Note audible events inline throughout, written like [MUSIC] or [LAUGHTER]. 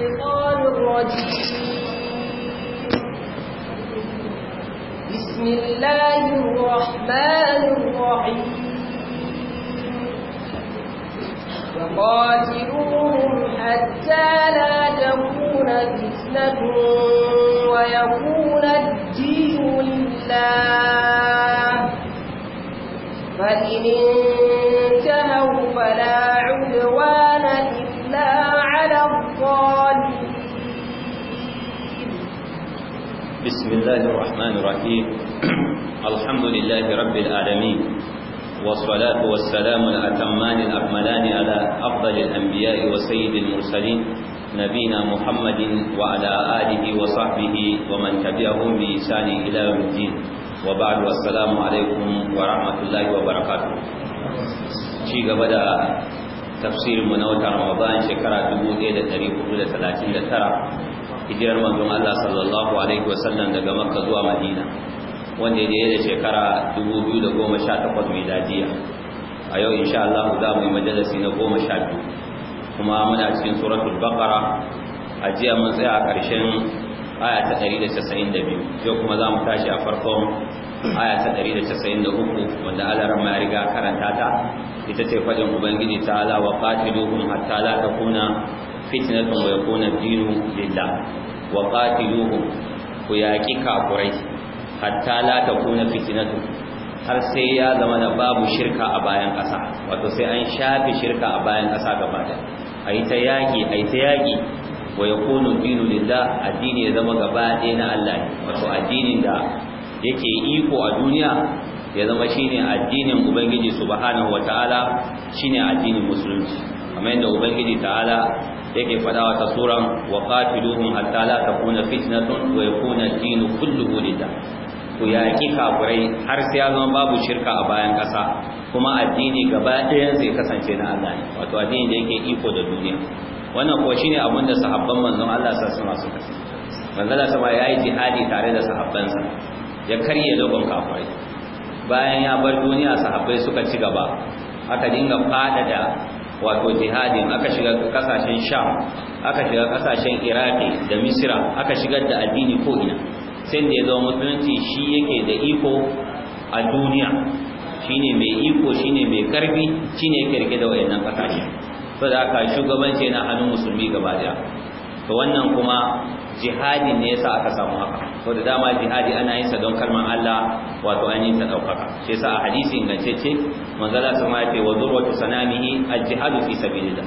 الشيطان الرجيم بسم الله الرحمن الرحيم وقاتلوهم حتى لا تكون فتنة الله الرحمن الرحيم الحمد لله رب العالمين والصلاة والسلام الأتمان الأكملان على أفضل الأنبياء وسيد المرسلين نبينا محمد وعلى آله وصحبه ومن تبعهم بإحسان إلى يوم الدين وبعد والسلام عليكم ورحمة الله وبركاته شيء قبل تفسير منوتة رمضان شكرا دبو 1439 hijirar manzon Allah sallallahu alaihi wasallam daga Makka zuwa Madina wanda ya da shekara 2018 miladiya a yau insha Allah za mu yi majalisi na 12 kuma muna cikin suratul baqara a jiya mun tsaya a ƙarshen aya ta 192 yau kuma za mu tashi a farkon aya ta 193 wanda Allah rama ya riga karanta ta ita ce fadin ubangiji ta ala wa qatiluhum hatta la takuna fitnatun wa yakuna dinu lillah wa qatiluhum ku yaqi kafurai hatta la takuna fitnatu har sai ya zama na babu shirka a bayan ƙasa wato sai an shafi shirka a bayan ƙasa gaba da ayi ta yaki ayi ta yaki wa yakunu dinu lillah addini ya zama gaba ɗaya na Allah wato addinin da yake iko a duniya ya zama shine addinin ubangiji subhanahu wataala shine addinin musulunci kamar yadda ubangiji ta'ala yake fada wa tasuran wa qatiluhum hatta la takuna fitnatun wa yakuna ad-din kulluhu lillah ku yaki kafirai har sai ya zama babu shirka a bayan kasa kuma addini gaba ɗaya zai kasance na Allah ne wato addini da yake iko da duniya wannan kuwa shine abin da sahabban manzon Allah sallallahu alaihi wasallam manzon Allah sama yayi jihadi tare da sahabbansa ya karye dogon kafirai bayan ya bar duniya sahabbai suka ci gaba aka dinga fada da. wato jihadin aka shiga kasashen sham aka shiga kasashen iraki da misira aka shigar da addini ko ina sai da ya zama musulunci shi yake da iko a duniya shine mai iko shine mai karfi shine yake rike da wayannan kasashe to da shugabanci yana hannun musulmi gaba daya to wannan kuma jihadi ne yasa aka samu haka so da dama jihadi ana yin sa don kalman Allah wato an yi ta daukaka shi yasa a hadisi ingantacce manzala sama ya ce wa zurwatu sanamihi al-jihadu fi sabilillah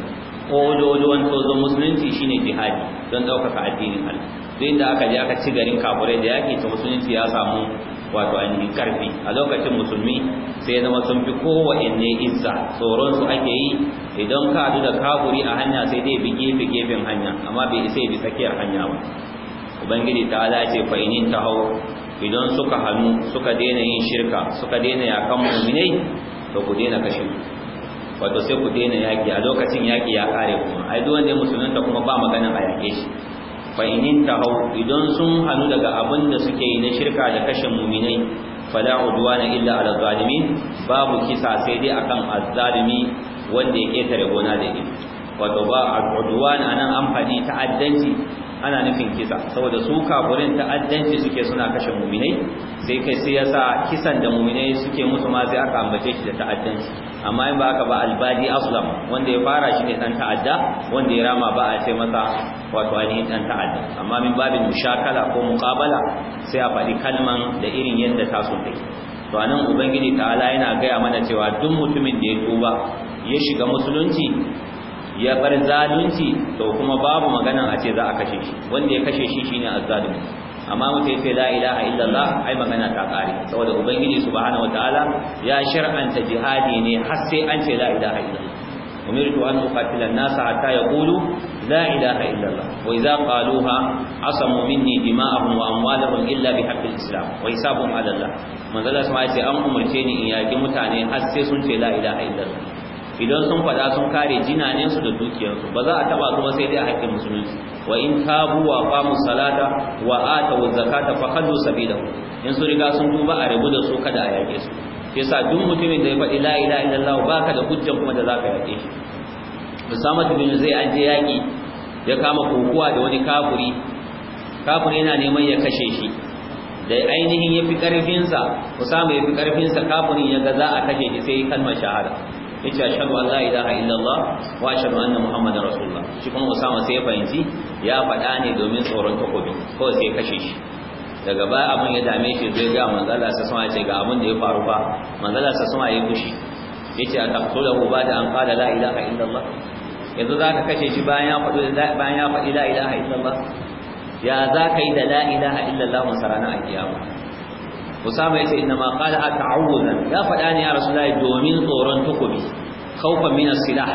wani tozo musulunci shine jihadi don daukaka addinin Allah duk inda aka je aka ci garin kafirai da yaki to musulunci ya samu wato ainihin karfi a lokacin musulmi sai zama sun fi kowa kowanne izza tsoron su ake yi idan ka da kaburi a hanya sai dai bi gefe gefen hanya amma bai isa bi tsakiyar hanya ba ubangiji ta ala ce fa inin hau idan suka hannu suka daina yin shirka suka daina yakan mu'minai to ku daina kashe wato sai ku daina yaki a lokacin yaki ya kare kuma ai duk wanda musulunta kuma ba maganin a yake shi fa inin tahaw idan sun hanu daga abin da suke yi na shirka da kashe mu'minai fala udwana illa ala zalimin babu kisa sai dai akan azzalimi wanda ya ketare gona da ilimi wato ba udwana nan an fadi addanci. ana nufin kisa saboda su kafirin ta'addanci suke suna kashe mu'minai sai kai sai yasa kisan da mu'minai suke musu ma sai aka ambace shi da ta'addanci amma in ba aka ba albadi aslam wanda ya fara shi ne dan ta'adda wanda ya rama ba a ce masa wato ani dan ta'adda amma min babin mushakala ko muqabala sai a faɗi kalman da irin yadda so take to anan ubangiji ta'ala yana gaya mana cewa duk mutumin da ya tuba ya shiga musulunci ya bar zalunci to kuma babu magana a ce za a kashe shi wanda ya kashe shi shine azzalimi amma mutum sai la ilaha illallah ai magana ta kare saboda ubangiji subhanahu wataala ya shar'anta jihadi ne har sai an ce la ilaha illallah umirtu an uqatila an-nasa hatta yaqulu la ilaha illallah wa idza qaluha asamu minni dima'ahum wa amwalahum illa bihaqqil islam wa hisabuhum ala allah manzo Allah sai an umurce ni in yaki mutane har sai sun ce la ilaha illallah idan sun faɗa sun kare jinanensu da dukiyarsu ba za a taɓa zuwa sai dai a haƙƙin musulunci wa in tabu wa qamu salata wa atu zakata fa khadu sabila in sun riga sun duba a rabu da su kada a yake su yasa duk mutumin da ya faɗi la ilaha illallah baka da hujjan kuma da zaka yake shi musamman bin Zaid an je yaƙi ya kama kokuwa da wani kafuri. Kafuri yana neman ya kashe shi da ainihin ya fi ƙarfinsa Musamman ya fi ƙarfinsa kafirin ya ga za a kashe shi sai kalmar shahada yace ashhadu an la ilaha illallah wa ashhadu anna muhammadar rasulullah shi kuma usama sai ya fahimci ya faɗa ne domin tsoron takobi kawai sai kashe shi daga baya abin ya dame shi zai ga manzala sa sama ce ga abin da ya faru fa manzala sa sama ya kushi yace a taqtulahu ba da an qala la ilaha illallah yanzu zaka kashe shi bayan ya faɗi bayan ya faɗi la ilaha illallah ya zaka yi da la ilaha illallah musarana a kiyama usama yace inna ma qala ata'awudan ya fada ne ya rasulullahi domin tsoron tukubi khawfan min as-silah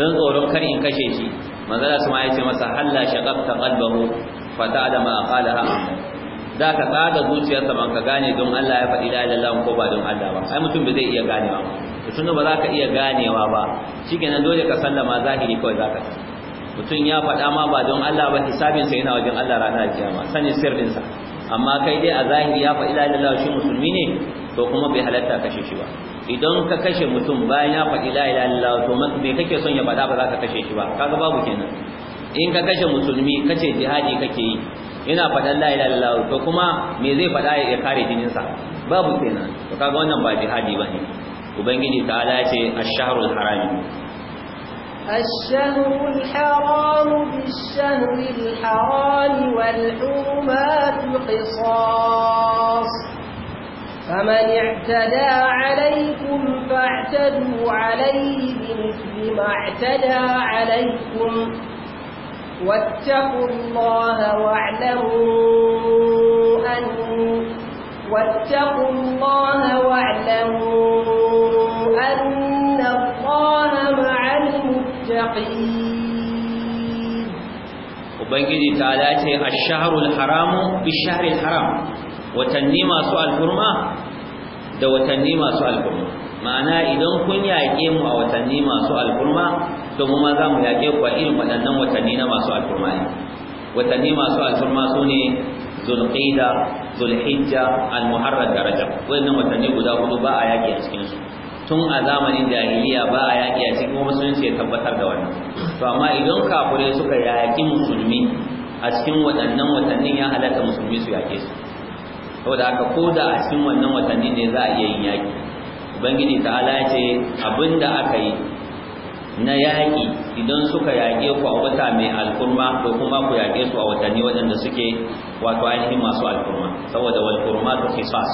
dan tsoron kar in kashe shi manzala sama yace masa halla shaqaqta qalbahu fa ta'lama qalaha da ka tsaga zuciyarsa ban ka gane don Allah ya faɗi la ilaha ko ba don Allah ba ai mutum bai zai iya ganewa ba tunda ba za ka iya ganewa ba shikenan dole ka sallama zahiri kawai za ka mutum ya faɗa ma ba don Allah ba hisabinsa yana wajen Allah ranar kiyama sanin sirrinsa amma kai dai a zahiri ya faɗi la ilaha shi musulmi ne to kuma bai halatta kashe shi ba idan ka kashe mutum bayan ya faɗi la ilaha illallah to me kake son ya faɗa ba za ka kashe shi ba kaga babu kenan in ka kashe musulmi kace jihadi kake yi ina faɗan la ilaha illallah to kuma me zai faɗa ya kare jinin sa babu kenan to kaga wannan ba jihadi bane ubangiji ta'ala ya ce ash-shahrul haram الشهر الحرام بالشهر الحرام والحرمات قصاص فمن اعتدى عليكم فاعتدوا عليه بمثل ما اعتدى عليكم واتقوا الله واعلموا أن واتقوا الله واعلموا المتقين ubangiji ta dace ash-shahrul haramu bish-shahril haram watanni masu alfurma da watanni masu alfurma ma'ana idan kun yaƙe mu a watanni masu alfurma to mu ma za mu yaƙe ku a irin waɗannan watanni na masu alfurma ne watanni masu alfurma su ne zulqida zulhijja al-muharram da rajab waɗannan watanni guda hudu ba a yaƙi a cikinsu. tun a zamanin jahiliya ba a yaƙi a cikin musulunci ya tabbatar da wannan to amma idan kafure suka yaƙi musulmi a cikin waɗannan watannin ya halatta musulmi su yaƙe su saboda haka ko da a cikin wannan watannin ne za a iya yin yaƙi ubangiji ta'ala ya ce abinda aka yi na yaƙi idan suka yaƙe ku a wata mai alkurma ko kuma ku yaƙe su a watanni waɗanda suke wato ainihin masu alkurma saboda walkurma to kisas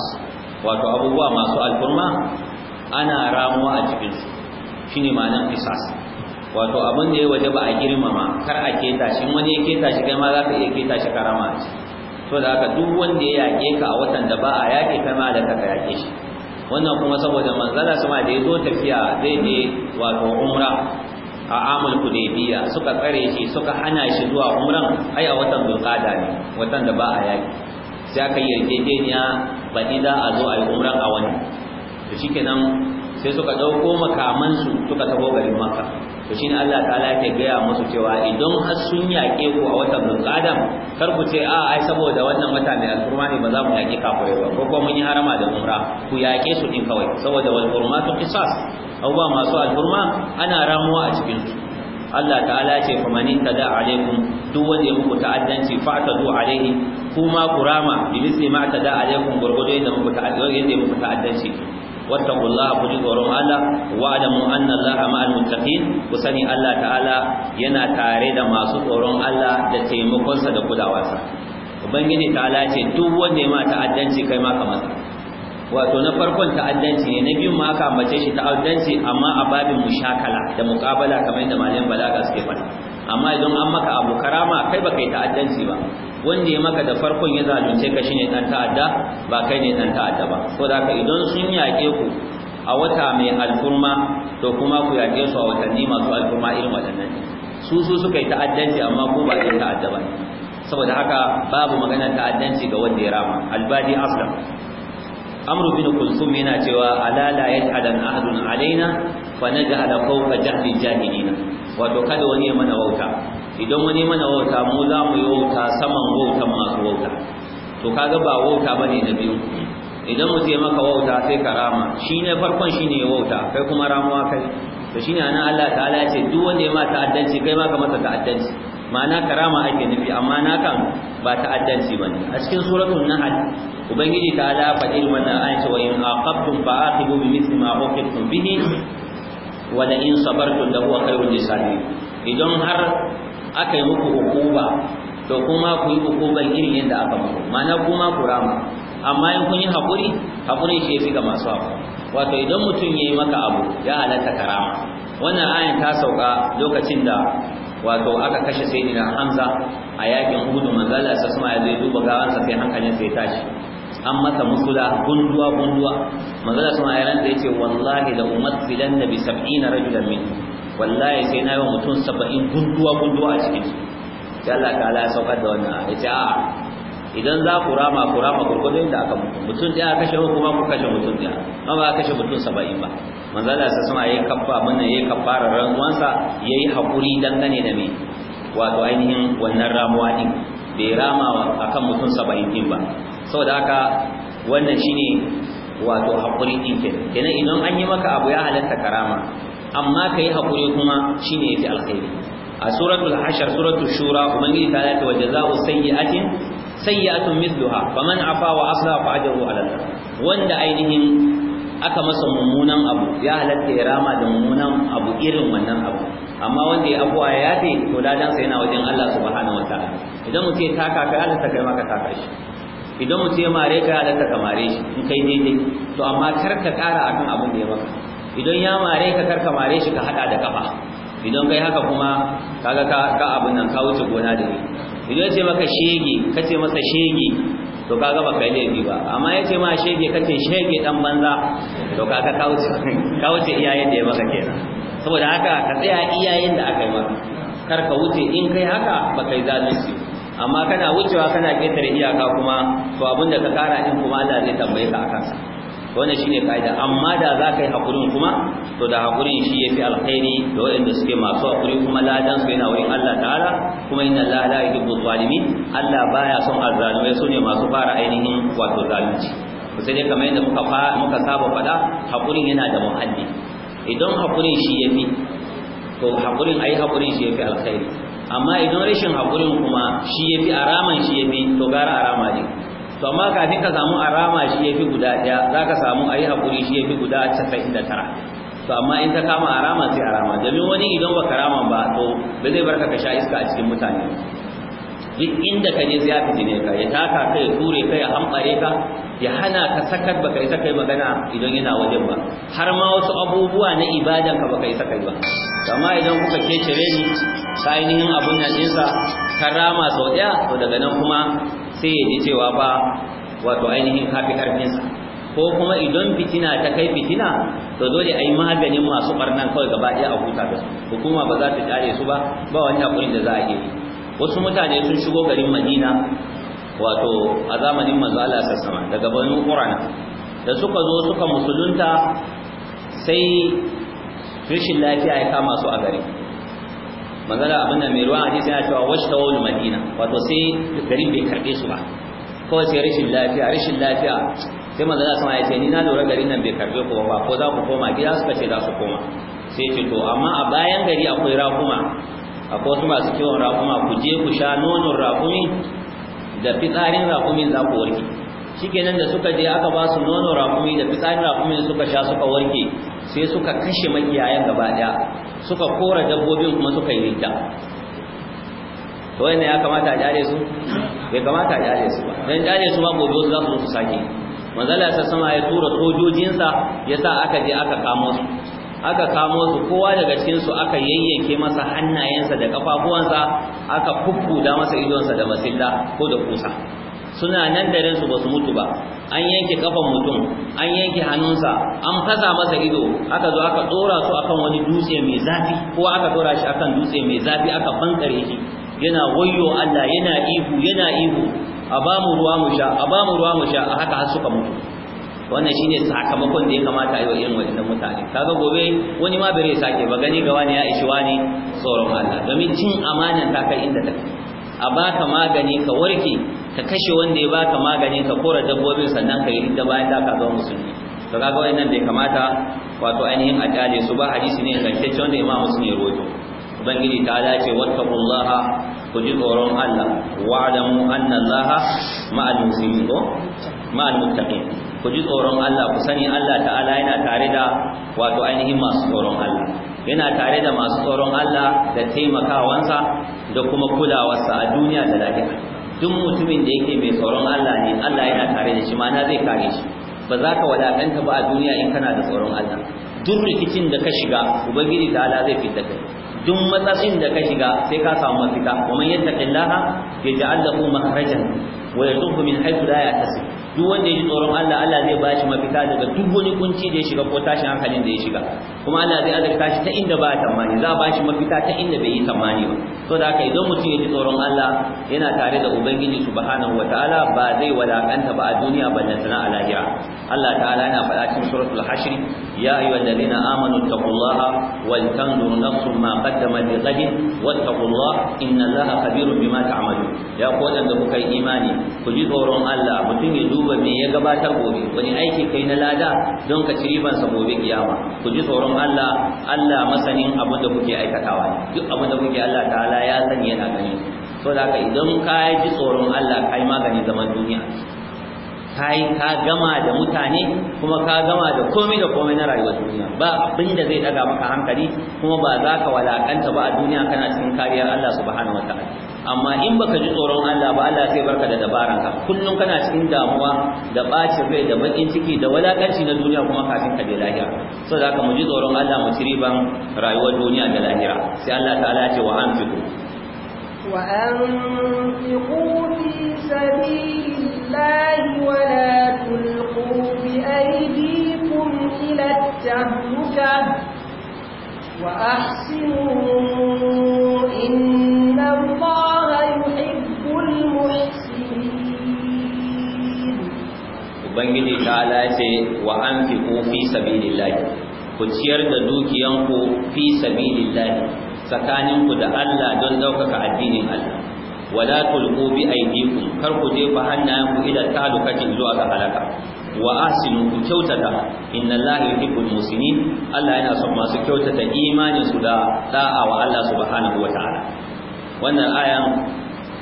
wato abubuwa masu alkurma ana ramuwa a cikinsu shi ne ma'anar kisas wato abin da ya waje ba a girmama kar a keta shi wani ya keta shi kai ma za ka iya keta shi karama a ci to da haka duk wanda ya yaƙe ka a watan da ba a yaƙe kai ma da ka yaƙe shi wannan kuma saboda manzala sama da ya zo tafiya zai je wato umra a amul hudaybiya suka tsare shi suka hana shi zuwa umran ai a watan dulqada ne watan da ba a yake sai aka yarjejeniya ni za a zo a yi umran a wani to shi kenan sai suka dauko makamansu suka tabo garin maka to shi ne Allah ta'ala ke gaya musu cewa idan har sun yaƙe ku a watan Adam kar ku ce a ai saboda wannan wata mai alfurma ne ba za mu yaƙe kafirai ba ko kuma mun yi harama da umra ku yaƙe su din kawai saboda wal hurmatu qisas abubuwa masu alfurma ana ramuwa a cikin su Allah ta'ala ce fa ta da alaikum duk wanda ya muku ta'addanci fa tadu alaihi kuma kurama bi misli ma da alaikum gurgudu yadda muku ta'addanci wattaqu Allah ku ji tsoron Allah wa alamu anna Allah ma'al muttaqin ku sani Allah ta'ala yana tare da masu tsoron Allah da taimakonsa da kulawarsa ubangiji ta'ala ce duk wanda ya ma ta'addanci kai ma kamar wato na farkon ta'addanci ne na biyun ma aka ambace shi ta'addanci amma a babin mushakala da muqabala kamar yadda malamin balaga suke faɗa amma idan an maka abu karama kai baka yi ta'addanci ba wanda ya maka da farkon ya zalunce ka shine dan ta'adda ba kai ne dan ta'adda ba ko da idan sun yake ku a wata mai alfurma to kuma ku yake su a watanni masu alfurma irin wadannan su su suka yi ta'addanci amma ku ba ɗin ta'adda ba saboda haka babu maganar ta'addanci ga wanda ya rama albadi aslam amru bin kulsum yana cewa ala la yaj'alan ahadun alaina fa naj'ala fawqa jahli jahilina wato kada wani ya mana wauta idan wani mana wauta mu za mu yi wauta saman wautan masu wauta to kaga ba wauta bane na biyu idan mu ce maka wauta sai ka rama shi ne farkon shi ne wauta kai kuma ramuwa kai to shine anan Allah ta'ala ya ce duk wanda ya ma ta'addanci kai ma ka masa ta'addanci ma'ana karama ake nufi amma na kan ba ta'addanci ba ne. a cikin suratul nahl ubangiji ta'ala faɗi wannan ayat wa in aqabtum fa'aqibu bimithli ma uqibtum bihi wa la in sabartum lahu khairul lisabirin idan har aka yi muku hukuma to kuma ku yi hukumar irin yadda aka muku ma'ana kuma ku rama amma in kun yi hakuri, haƙuri shi yafi ga masu abu. wato idan mutum ya yi maka abu ya halatta karama wannan ayan ta sauka lokacin da wato aka kashe sayyidina Hamza a yakin Uhud manzo Allah sai kuma ya zai duba gawansa sai hankalin sai tashi an masa musula gunduwa gunduwa manzo Allah sai ya rantsa yace wallahi la filan nabi 70 rajulan minhu wallahi sai na yi mutum saba'in gunduwa gunduwa a cikin su sai Allah ala ya saukar da wannan ya ce a idan za ku rama ku rama gurgudu inda aka mutu mutum ɗaya kashe ku kuma ku kashe mutum ɗaya ma ba kashe mutum saba'in ba manzo Allah sai sama yayi kaffa mana yayi kaffara ranwansa yayi hakuri dangane da me wato ainihin wannan ramuwa din bai rama akan mutum saba'in din ba saboda haka wannan shine wato hakuri din kenan idan an yi maka abu ya halatta karama amma kai hakuri kuma shine yafi alkhairi a suratul hashar suratul shura kuma ni ta yake wa sayyi'atin sayyi'atun mithluha faman afa wa asla fa ajru ala Allah wanda ainihin aka masa mummunan abu ya halatta ya rama da mummunan abu irin wannan abu amma wanda ya abuwa ya yafe to ladan sa yana wajen Allah subhanahu wataala idan mutum ya taka kai Allah ta kai maka taka shi idan mutum ya mare ka Allah ka mare shi in kai daidai to amma kar ka kara akan abin da ya maka idan ya mare ka karka mare shi ka hada da kafa idan kai haka kuma kaga ka ka abin nan ka wuce gona da ni idan ce maka shege ka ce masa shege to kaga ba kai laifi ba amma ya ce ma shege ka ce shege dan banza to kaga ka wuce [LAUGHS] ka wuce iyayen da ya maka kenan saboda haka ka tsaya iyayen da aka yi maka kar ka wuce in kai haka ba kai zalunci amma kana wucewa kana ketare iyaka kuma to abinda ka kara din kuma Allah zai tambaye ka akan sa wannan shine kaida amma da za ka yi hakurin kuma to da hakurin shi yafi alkhairi da wanda suke masu hakuri kuma ladan su yana wurin Allah ta'ala kuma inna Allah la yuhibbu zalimin Allah baya son azzalimai sune masu fara ainihin wato zalunci sai dai kamar yadda muka muka saba faɗa hakurin yana da muhalli idan hakurin shi yafi to hakurin ayi hakurin shi yafi alkhairi amma idan rashin hakurin kuma shi yafi araman shi yafi to gara arama ne to amma kafin ka samu arama shi yafi guda daya zaka samu ayi hakuri shi yafi guda 99 to amma in ta kama arama sai arama domin wani idan ba karama ba to ba zai barka ka sha iska a cikin mutane duk inda ka je zai fitine ka ya taka ka ya ture ka ya hamɓare ka ya hana ka sakar baka isa kai magana idan yana wajen ba har ma wasu abubuwa na ibadan ka baka isa kai ba amma idan kuka kecere ni ka ainihin abun nan dinsa karama sau daya to daga nan kuma sai ya ji cewa ba wato ainihin kafi karfinsa ko kuma idan fitina ta kai fitina to dole a yi maganin masu barnan kawai gaba ɗaya a huta da su hukuma ba za ta tare su ba ba wani hakurin da za a yi wasu mutane sun shigo garin madina wato a zamanin manzo Allah sassama daga banu qurana da suka zo suka musulunta sai rashin lafiya ya kama su a garin manzala abin da mai ruwan hadisi yana cewa tawo da madina wato sai garin bai karbe su ba kawai sai rashin lafiya rashin lafiya sai manzala sama ya ce ni na lura garin nan bai karbe ku ba ko za ku koma gida suka ce za su koma sai ce to amma a bayan gari akwai rakuma akwai wasu masu kiwon rakuma ku je ku sha nonon rakumi da fitsarin rakumin za ku warke shikenan da suka je aka ba su nonon rakumi da fitsarin rakumin suka sha suka warke sai suka kashe makiyayan gaba daya suka kora dabbobin kuma suka yi rinta to ne ya kamata a jare su bai kamata a jare su ba dan jare su ma gobe za su su sake manzala sai sama ya tura sojojinsa yasa aka je aka kamo su aka kamo su kowa daga cikin su aka yayyanke masa hannayensa da kafafuwansa aka kukkuda masa idonsa da masilla ko da kusa suna nan da ransu ba su mutu ba an yanke kafan mutum an yanke hannunsa an fasa masa ido aka zo aka dora su akan wani dutse mai zafi ko aka dora shi akan dutse mai zafi aka bankare shi yana wayyo Allah yana ihu yana ihu a ba mu ruwa mu sha a ba mu ruwa mu sha a haka har suka mutu wannan shine sakamakon da ya kamata a yi wa irin waɗannan mutane kaga gobe wani ma bare sake ba gani ga wani ya ishi wani tsoron Allah domin cin amanan ta kai inda ta a baka magani ka warke ka kashe wanda ya baka magani ka kora dabbobin sannan ka yi da bayan da ka zo musulmi to kaga wannan bai kamata wato ainihin a su ba hadisi ne zantacce wanda imam musulmi ya rawaito ubangiji ta dace wattaqullaha ku ji tsoron Allah wa'lamu anna Allaha ma'al muslimin ko ma'al muttaqin ku ji tsoron Allah ku sani Allah ta'ala yana tare da wato ainihin masu tsoron Allah yana tare da masu tsoron Allah da taimakawansa da kuma kulawarsa a duniya da lahira duk mutumin da yake mai tsoron Allah ne Allah yana tare da shi mana zai kare shi ba za ka wadatanta ba a duniya in kana da tsoron Allah duk rikicin da ka shiga ubangiji da Allah zai fita kai duk matsatsin da ka shiga sai ka samu mafita wa man yattaqillaha yaj'al lahu makhrajan wa yatufu min haythu la yahtasib duk wanda ya ji tsoron Allah Allah zai ba shi mafita daga duk wani kunci da ya shiga ko tashin hankalin da ya shiga kuma Allah zai azurta shi ta inda ba tamani za ba shi mafita ta inda bai yi tamani ba to da haka idan mutum yaji tsoron Allah yana tare da ubangiji subhanahu wataala ba zai wadakanta ba a duniya ba sana sana'a lahira Allah ta'ala yana faɗa cikin suratul hashr يا أيها الذين آمنوا اتقوا الله ولتنظر نفس ما قدمت لغد واتقوا الله إن الله خبير بما تعملون يا قول أن دفك إيماني كجي تورون الله متن يدوب من يقبا تقوبي وني أيكي كين لا دا دون كتريبا سبوبي قياما كجي تورون الله الله مسنين أبو دفك أي كتاواني أبو دفك الله تعالى يا سنين أغني so da haka idan ka ji tsoron Allah kai magani zaman duniya kai ka gama da mutane kuma ka gama da komai da komai na rayuwar duniya ba abin da zai daga maka hankali kuma ba za ka walakanta ba a duniya kana cikin kariyar Allah subhanahu wataala amma in baka ji tsoron Allah ba Allah sai barka da dabaran ka kullum kana cikin damuwa da bacin rai da bakin ciki da walakanci na duniya kuma kafin ka je lahira so da haka mu ji tsoron Allah mu ci ban rayuwar duniya da lahira sai Allah ta'ala ya wa anfiqu wa anfiqu fi sabili الله ولا تلقوا بأيديكم إلى التهلكة وأحسنوا إن الله يحب المحسنين وبنجي تعالى وأنفقوا في سبيل الله ku ciyar da dukiyanku fi sabilillah tsakaninku da Allah don daukaka addinin Allah wala tulqu bi aydikum kar ku jefa hannayen ku ila talukatin zuwa ga halaka wa asinu ku kyautata inna allaha yuhibbul musinin Allah yana son masu kyautata imanin su da da'a wa Allah subhanahu wa ta'ala wannan ayan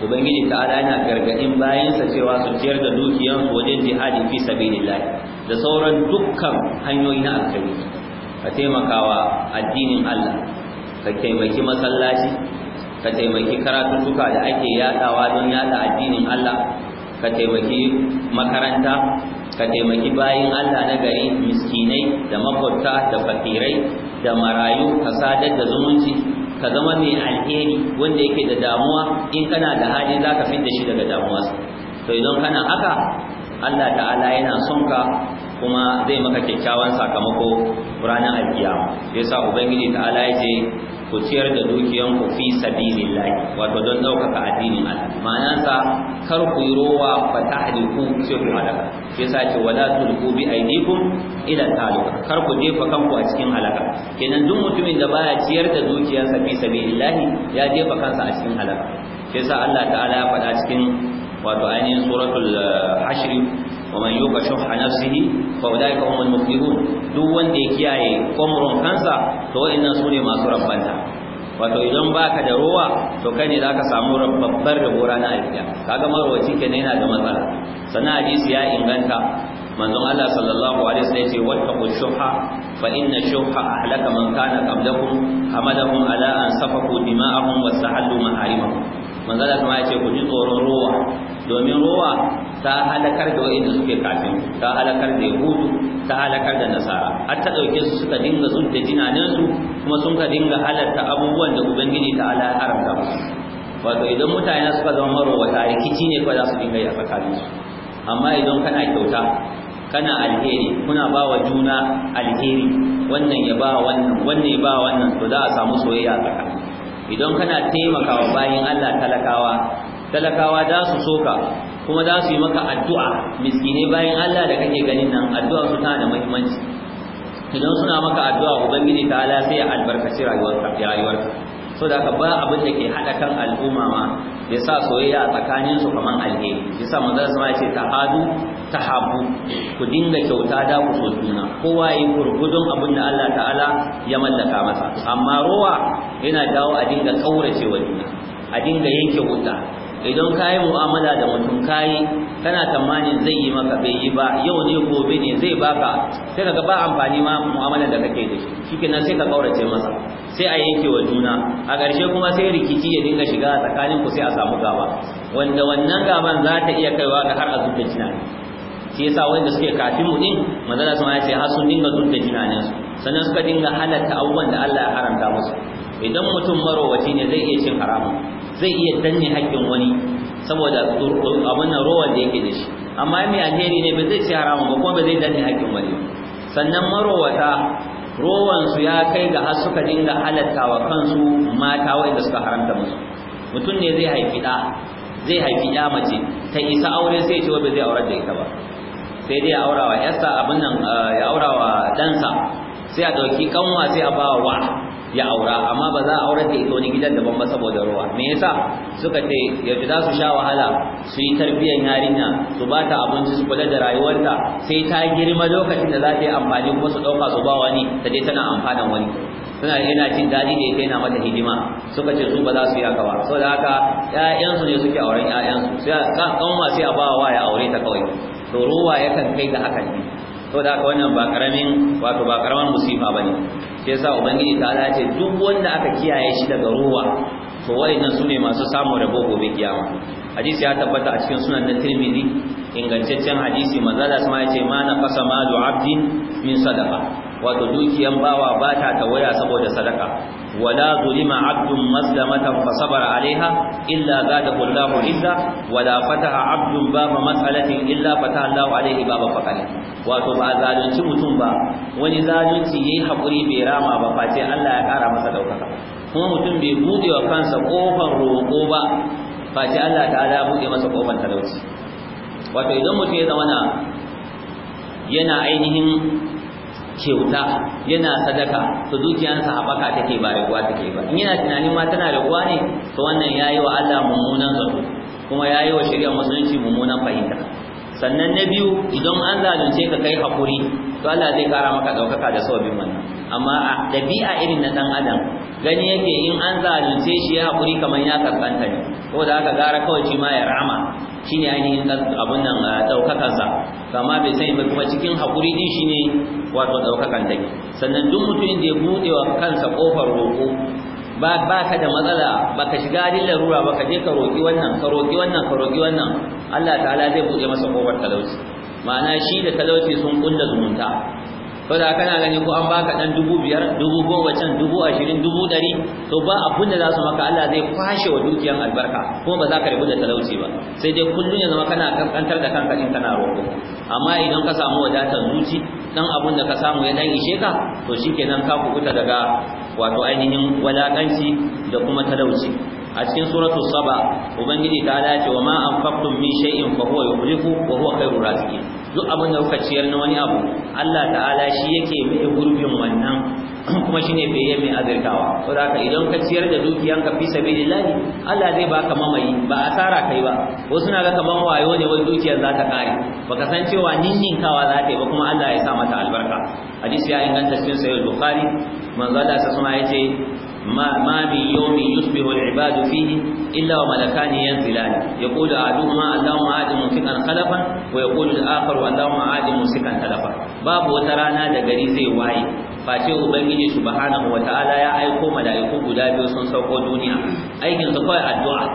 ubangiji ta'ala yana gargadin bayansa cewa su ciyar da dukiyansu wajen jihadi fi sabilillah da sauran dukkan hanyoyi na alkhairi ka taimakawa addinin Allah ka taimaki masallaci ka taimaki karatuttuka da ake yadawa don yada addinin Allah ka taimaki makaranta ka taimaki bayin Allah na gari miskinai da makwabta da fakirai da marayu ka sadar da zumunci ka zama mai alheri wanda yake da damuwa in kana da hali ka fidda shi daga damuwa to idan kana haka Allah ta'ala yana son ka kuma zai maka kyakkyawan sakamako ranar alkiyama yasa ubangiji ta'ala ya ce ku ciyar da dukiyanku fi sabilillahi wato don ɗaukaka addinin Allah ma'anansa kar ku yi rowa fa tahliku sai ku halaka shi yasa ce wala tulqu bi aydikum ila taluka kar ku jefa kanku a cikin halaka kenan duk mutumin da baya ciyar da dukiyarsa fi sabilillahi ya jefa kansa a cikin halaka shi yasa Allah ta'ala ya faɗa cikin wato ainihin suratul eh, hashr wa man yuqa shuhha nafsihi fa ulaika duk wanda ya kiyaye komron kansa to wa'annan sune masu rabbanta wato idan baka da rowa to kai ne zaka samu babbar rabo rana alkiya kaga marwaci kenan yana da matsala sannan hadisi ya inganta manzon Allah sallallahu alaihi wasallam yace wattaqu shuha fa inna shuha ahlaka man kana qablakum hamadahum ala an safaku dima'ahum wa sahallu maharimahum manzon Allah kuma yace ku ji tsoron ruwa. domin ruwa. ta halakar da da suke kafin ta halakar da yahudu ta halakar da nasara har ta dauke su suka dinga sun da jinaninsu, kuma sun ka dinga halarta abubuwan da ubangiji ta ala haramta musu wato idan mutane suka zama wata rikici ne kawai za su dinga yi a tsakanin su amma idan kana kyauta kana alheri kuna ba wa juna alheri wannan ya ba wannan wannan ya ba wannan to za a samu soyayya tsakanin idan kana taimakawa bayan Allah talakawa talakawa za su soka kuma za su yi maka addu'a miskinai bayan Allah da kake ganin nan addu'a su tana da muhimmanci idan suna maka addu'a ubangiji ta ala sai ya albarkaci rayuwar so da ka ba abin da ke haɗa kan al'umma ma ya sa soyayya a tsakanin su kamar alheri ya sa manzon sama ya ce ta tahabu ku dinga kyauta da ku so juna kowa yi gurgudun abin da Allah ta'ala ya mallaka masa amma rowa yana dawo a dinga kaurace wa juna a dinga yanke wuta idan ka yi mu'amala da mutum ka yi kana tamanin zai yi maka bai yi ba yau ne gobe ne zai baka sai ka ba amfani ma mu'amala da kake da shi shikenan sai ka kaurace masa sai a yanke wa juna a ƙarshe kuma sai rikici ya dinga shiga tsakanin ku sai a samu gaba wanda wannan gaban za ta iya kaiwa ga har a zubda jina shi yasa wanda suke kafin mu din manzala sun ya har sun dinga zubda su. sannan suka dinga halatta abubuwan da Allah ya haramta musu idan mutum marowaci ne zai iya cin haramun zai iya danne hakkin wani saboda abin rowan da yake da shi amma mai alheri ne ba zai ci haramun ba kuma ba zai danne haƙƙin wani sannan marowata rowan su ya kai ga har suka dinga halatta wa kansu mata wanda suka haramta musu mutum ne zai haifi ɗa zai haifi ɗa mace ta isa aure sai ce ba zai aurar da ita ba sai dai ya aura wa abin nan eh, ya aura wa ɗansa sai a ɗauki kanwa sai a ba wa ya aura amma ba za a aure da ita wani gidan daban ba saboda ruwa me yasa suka ce yaji za su sha wahala su yi tarbiyyar yarinya su ba ta abinci su kula da rayuwarta sai ta girma lokacin da za ta yi amfani kuma su ɗauka su ba wani ta je tana amfanan wani suna yana jin daɗi da ita yana mata hidima suka ce su ba za su yi haka ba saboda haka ƴaƴansu ne suke auren ƴaƴansu sai ma sai a ba wa ya aure ta kawai to ruwa yakan kai da haka. ne saboda haka wannan ba karamin wato ba karaman musifa bane sai yasa ubangiji ta ala ce duk wanda aka kiyaye shi daga ruwa to wayannan sune masu samun rabo gobe kiyama hadisi ya tabbata a cikin sunan na tirmidhi ingantaccen hadisi da sama ya ce ma na fasa malu abdin min sadaqa wato dukiyan bawa ba ta tawaya saboda sadaka wala zulima abdun maslamatan fa sabara alaiha illa zadahu Allahu izza wala fataha abdun baba mas'alatin illa fataha Allahu alaihi baba faqala wato ba zalunci mutum ba wani zalunci yayi hakuri bai rama ba face Allah ya kara masa daukaka kuma mutum bai bude wa kansa kofar roƙo ba face Allah ta'ala ya bude masa kofar talauci wato idan mutum ya zama yana ainihin kyauta yana sadaka to dukiyansa habaka take ba raguwa take ba in yana tunanin ma tana raguwa ne to wannan yayi wa Allah mummunan zato kuma yayi wa shari'a musulunci mummunan fahimta sannan na biyu idan an zalunce ka kai hakuri to Allah zai kara maka ɗaukaka da sabbin wannan amma a dabi'a irin na dan adam gani yake in an zalunce shi ya hakuri kamar ya kaskanta ne da aka gara kawai shi ma ya rama shine ainihin abun nan ah, sa, kama bai sani ba kuma cikin hakuri din shine wato daukakan take sannan duk mutumin da ya bude wa kansa kofar roko ba ba ka da matsala ba ka shiga halin larura ba ka je ka roki wannan ka roki wannan ka roki wannan Allah ta'ala zai buɗe masa kofar talauci ma'ana shi da talauci sun kulla zumunta saboda kana gani ko an baka dan dubu biyar dubu goma can dubu ashirin dubu ɗari to ba abun da za maka Allah zai kwashe wa dukiyan albarka kuma ba za ka rubuta da talauci ba sai dai kullun ya zama kana kankantar da kanka in kana roƙo amma idan ka samu wadatar zuci dan abun da ka samu ya dan ishe ka to shikenan ka kubuta daga wato ainihin walakanci da kuma talauci a cikin suratul saba ubangiji ta ce wa ma anfaqtum min shay'in fa huwa yukhlifu wa huwa khairur raziqin duk abin da kuka ciyar na wani abu Allah ta'ala shi yake mai gurbin wannan [CLEARS THROAT] kuma shine bai mai azirkawa to da idan ka ciyar da dukiyanka fi sabilillahi Allah zai baka mamayi ba asara kai ba ko suna ga kaman wayo ne wai dukiyar za ta kare baka san cewa ninninkawa za ta yi ba kuma Allah ya sa mata albarka hadisi ya inganta cikin sahih bukhari manzo Allah sa sama yace ما, ما من يوم يصبح العباد فيه الا وملكان ينزلان يقول أحدهما اللهم آد ممسكا خلفا ويقول الآخر اللهم آد ممسكا تلفا باب وترانا دغري زي واي face ubangiji subhanahu wataala ya aiko mala'iku guda biyu sun sauko duniya aikin su kawai addu'a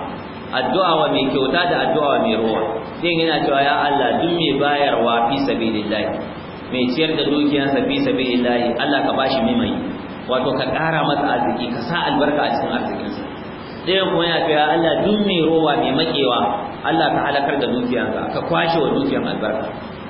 addu'a wa mai kyauta da addu'a wa mai ruwa din yana cewa ya Allah duk mai bayarwa fi mai ciyar da dukiyarsa fi sabilillah Allah ka bashi mai wato ka ƙara masa arziki ka sa albarka a cikin arzikinsa ɗayan kuma ya fiya Allah duk mai rowa mai makewa Allah ka halakar da dukiyarka ka kwashe wa dukiyar albarka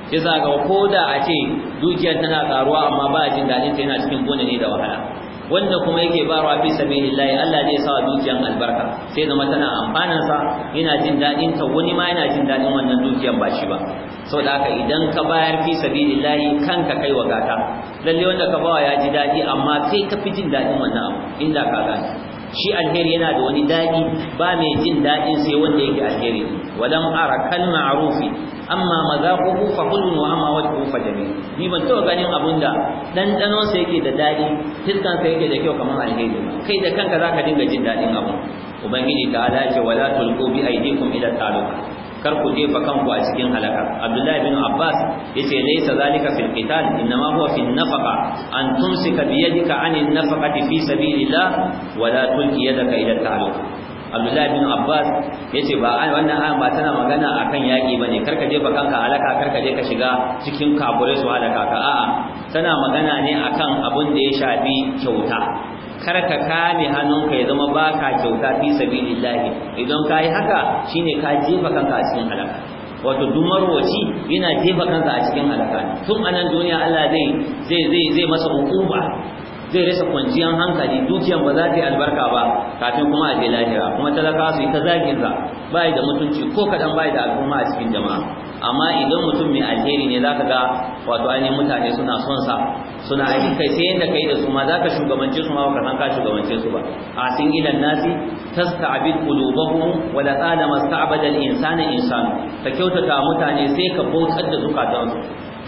yasa ga ko da a ce dukiyar tana ƙaruwa amma ba a jin daɗin ta yana cikin gona ne da wahala wanda kuma yake ruwa fi sabilillahi Allah zai sa dukiyan albarka sai zama tana amfanan sa yana jin dadin ta wani ma yana jin dadin wannan dukiyan ba shi ba saboda haka idan ka bayar fi sabilillahi kanka kai wa gata lalle wanda ka bawa ya ji dadi amma sai ka fi jin dadin wannan abu inda ka gane shi alheri yana da wani daɗi ba mai jin daɗin sai wanda yake alheri walam ara kal ma'rufi amma mazaquhu fa kullu wa amma wajhu fa jamil ni ban taɓa ganin abunda dan dano sai yake da daɗi fiskan sai yake da kyau kamar alheri kai da kanka zaka dinga jin daɗin abu ubangiji ta ala ce wala tulqu bi aydikum ila taluka kar ku jefa kanku a cikin halaka abdullahi bin abbas yace laysa zalika fil qital inma huwa fil nafaqa an tumsika bi yadika anin nafaqati fi sabilillah wa la tulqi yadaka ila ta'alluq abdullahi bin abbas yace ba wannan ayan ba tana magana akan yaki bane karka jefa kanka halaka karka je ka shiga cikin kabure su halaka ka a'a tana magana ne akan abun da ya shafi kyauta kar ka kame hannunka ya zama baka kyauta fi sabilillahi idan ka yi haka shine ka jefa kanka a cikin halaka wato duk yana jefa kanka a cikin halaka tun anan duniya Allah zai zai zai zai masa hukuma zai rasa kwanciyar hankali dukiyar ba za ta yi albarka ba kafin kuma a je lahira kuma talaka su yi ta zagin sa bai da mutunci ko kadan bai da al'umma a cikin jama'a amma idan mutum mai alheri ne zaka ga wato ainihin mutane suna son sa suna aiki kai sai yadda kai da su ma zaka shugabance su ma ba san ka shugabance su ba a sin ilan nasi tasta'bid qulubahum wa la qala masta'bada al-insana ta ka kyautata mutane sai ka bautar da zukatan su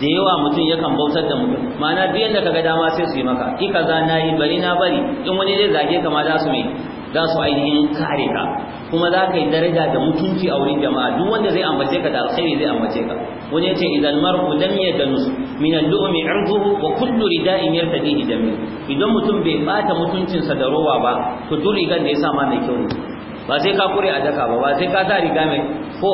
da yawa mutum yakan bautar da mutum ma'ana duk yadda kaga dama sai su yi maka ki kaza yi bari na bari in wani zai zage ka ma za su mai za su ainihin kare ka kuma za ka yi daraja da mutunci a wurin jama'a duk wanda zai ambace ka da alkhairi zai ambace ka wani yace idan mar'u lam yadanus min al-lu'm 'irduhu wa kullu rida'in yartadihi dami idan mutum bai bata mutuncinsa da rowa ba to duk rigan da ya sa ma mai kyau ba sai ka kure a daka ba ba sai ka sa riga mai ko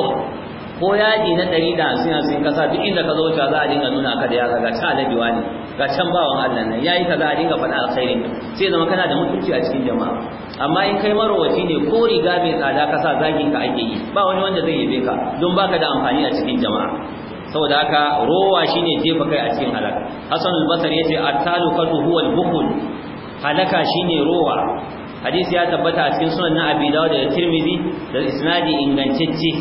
ko yaji na 150 sun kasa duk inda ka zo za a dinga nuna ka da ya ga sha da ne ga can bawan Allah ne yayi kaza a dinga faɗa alkhairin sai zama kana da mutunci a cikin jama'a amma in kai marwaci ne ko riga mai tsada ka sa zagin ka ake yi ba wani wanda zai yabe ka don baka da amfani a cikin jama'a saboda haka rowa shine jefa kai a cikin halaka Hassan al-Basri yace at-talu qadu huwa al-bukhl halaka shine rowa hadisi ya tabbata a cikin sunan na Abi Dawud da Tirmidhi da isnadi ingantacce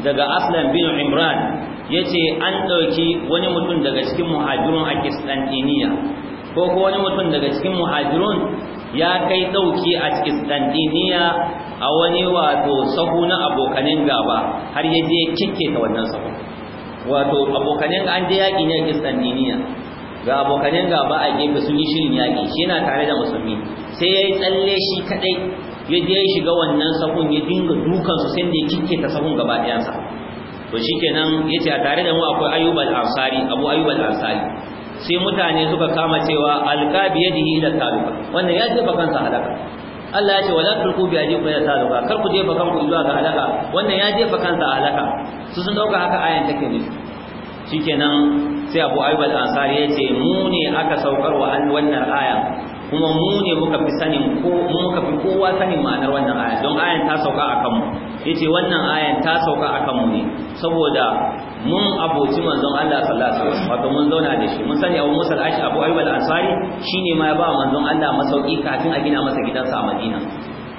daga Aslam bin Imran Ya ce an ɗauki wani mutum daga cikin muhajirun a Kistantiniya ko ko wani mutum daga cikin muhajirun ya kai ɗauki a Kistantiniya a wani wato sahu na abokanin gaba har ya je kike ta wannan sahu wato abokanin an je yaƙi ne a Kistantiniya ga abokanin gaba a gefe sun yi shirin yaƙi shi yana tare da musulmi sai ya yi tsalle shi kadai ya je shiga wannan sahun ya dinga dukansu sai da ya kike ta sahun gaba ɗayansa to shikenan yace a tare da mu akwai ayyub al-ansari abu ayyub al-ansari sai mutane suka kama cewa alqabi yadihi ila taluka wannan ya jefa kansa halaka Allah ya ce wala tulku bi ajib ya taluka kar ku jefa kanku zuwa ga halaka wannan ya jefa kansa halaka su sun dauka haka ayan take ne shikenan sai Abu Ayyub al-Ansari ya ce mu ne aka saukar wa wannan aya kuma mu ne muka fi sanin ko mu muka fi kowa sanin ma'anar wannan aya don ayan ta sauka akan mu yace wannan ayan ta sauka akan mu ne saboda mun aboci manzon Allah sallallahu alaihi wasallam wato mun zauna da shi mun sani Abu Musa al-Ashi Abu Ayyub al-Ansari shine ma ya ba manzon Allah masauki kafin a gina masa gidansa a Madina